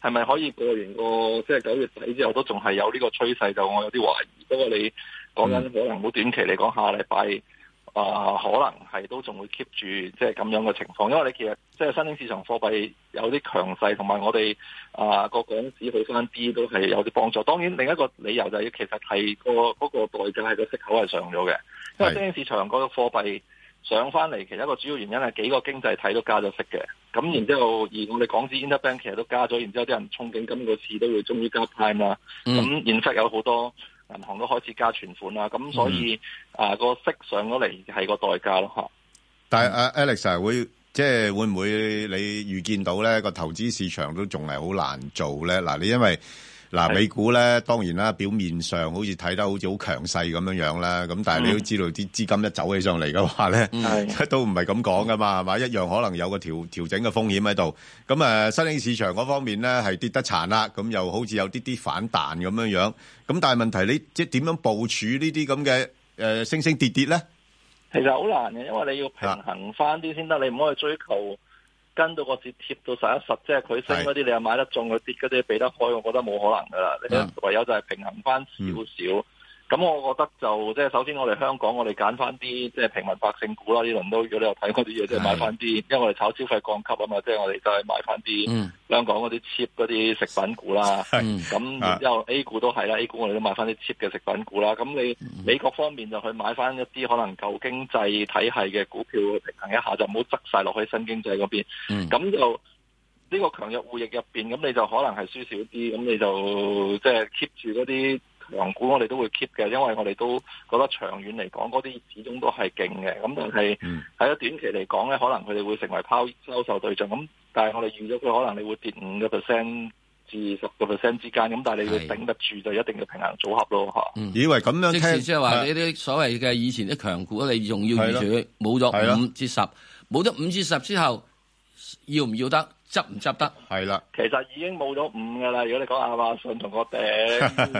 Speaker 9: 係咪可以過完個即係九月底之後都仲係有呢個趨勢？就我有啲懷疑。不過你講緊、嗯、可能好短期嚟講，下個禮拜啊，可能係都仲會 keep 住即係咁樣嘅情況。因為你其實即係、就是、新興市場貨幣有啲強勢，同埋我哋啊個港紙去翻啲都係有啲幫助。當然另一個理由就係、是、其實係、那個嗰、那個代價係個息口係上咗嘅，是因為新興市場嗰個貨幣。上翻嚟，其實一個主要原因係幾個經濟體都加咗息嘅，咁然之後而我哋港紙 interbank 其實都加咗，然之後啲人憧憬今個次都會終於加派啊嘛啦，咁、嗯、現實有好多銀行都開始加存款啦，咁所以、嗯、啊個息上咗嚟係個代價咯嚇。
Speaker 2: 但係啊 Alex a 會即係會唔會你預見到咧、呢個投資市場都仲係好難做咧？嗱，你因為。嗱，美股咧當然啦，表面上好似睇得好似好強勢咁樣樣啦，咁但係你都知道啲資金一走起上嚟嘅話咧，都唔係咁講噶嘛，係嘛？一樣可能有個調調整嘅風險喺度。咁誒，新興市場嗰方面咧係跌得殘啦，咁又好似有啲啲反彈咁樣樣。咁但係問題你即係點樣部署呢啲咁嘅誒升升跌跌咧？其實好難嘅，
Speaker 9: 因為你要平衡翻啲先得，你唔可以追求。跟到個折貼到十一十，即係佢升嗰啲，是的 你又買得中，佢跌嗰啲俾得開，我覺得冇可能噶啦。是的 你覺得唯有就係平衡翻少少。咁我覺得就即係首先我哋香港，我哋揀翻啲即係平民百姓股啦，呢輪都如果你有睇嗰啲嘢，即係買翻啲，是因為我哋炒消費降級啊嘛，即係我哋就係買翻啲香港嗰啲 cheap 嗰啲食品股啦。咁是然之後 A 股都係啦是，A 股我哋都買翻啲 cheap 嘅食品股啦。咁你美國方面就去買翻一啲可能舊經濟體系嘅股票，平衡一下，就唔好執晒落去新經濟嗰邊。咁就呢個強弱互易入邊，咁你就可能係輸少啲，咁你就即係 keep 住嗰啲。港股我哋都會 keep 嘅，因為我哋都覺得長遠嚟講，嗰啲始終都係勁嘅。咁但係喺短期嚟講咧，可能佢哋會成為拋收售對象。咁但係我哋預咗佢可能你會跌五個 percent 至十個 percent 之間。咁但係你要頂得住就一定要平衡組合咯嚇。的嗯、
Speaker 1: 以為咁樣聽，即係話你呢啲所謂嘅以前啲強股，你仲要預住冇咗五至十的，冇咗五至十之後，要唔要得？執唔執得？係啦，其
Speaker 9: 實已經冇咗五噶啦。如果你講亞馬遜同個頂，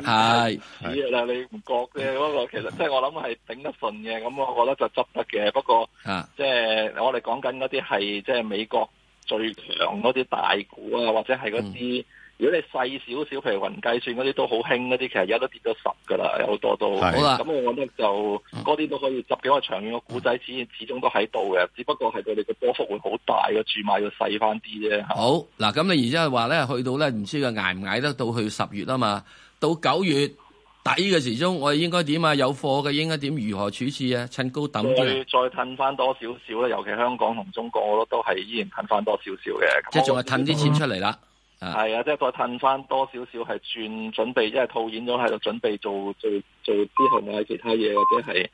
Speaker 1: 係止啦，
Speaker 9: 你唔覺嘅？嗰個 其實即係我諗係頂得順嘅，咁我覺得就執得嘅。不過即係 我哋講緊嗰啲係即係美國最強嗰啲大股啊，或者係嗰啲。如果你細少少，譬如雲計算嗰啲都好興嗰啲，其實而家都跌咗十噶啦，有好多都好啦。咁的我覺得就嗰啲、嗯、都可以執幾個長遠嘅股仔，始始終都喺度嘅。只不過係對你嘅波幅會好大嘅，注買要細翻啲啫。好
Speaker 1: 嗱，咁你而家話咧，去到咧唔知佢挨唔挨得到去十月啊嘛？到九月底嘅時鐘，我哋應該點啊？有貨嘅應該點？如何處置啊？趁高等住，
Speaker 9: 再褪翻多少少咧？尤其香港同中國，我覺得都係依然褪翻多少少嘅。即係仲係褪啲錢出嚟啦。係啊是，即係再褪返多少少係轉準備，即係套現咗喺度準備做做做之後有其他嘢，或者係。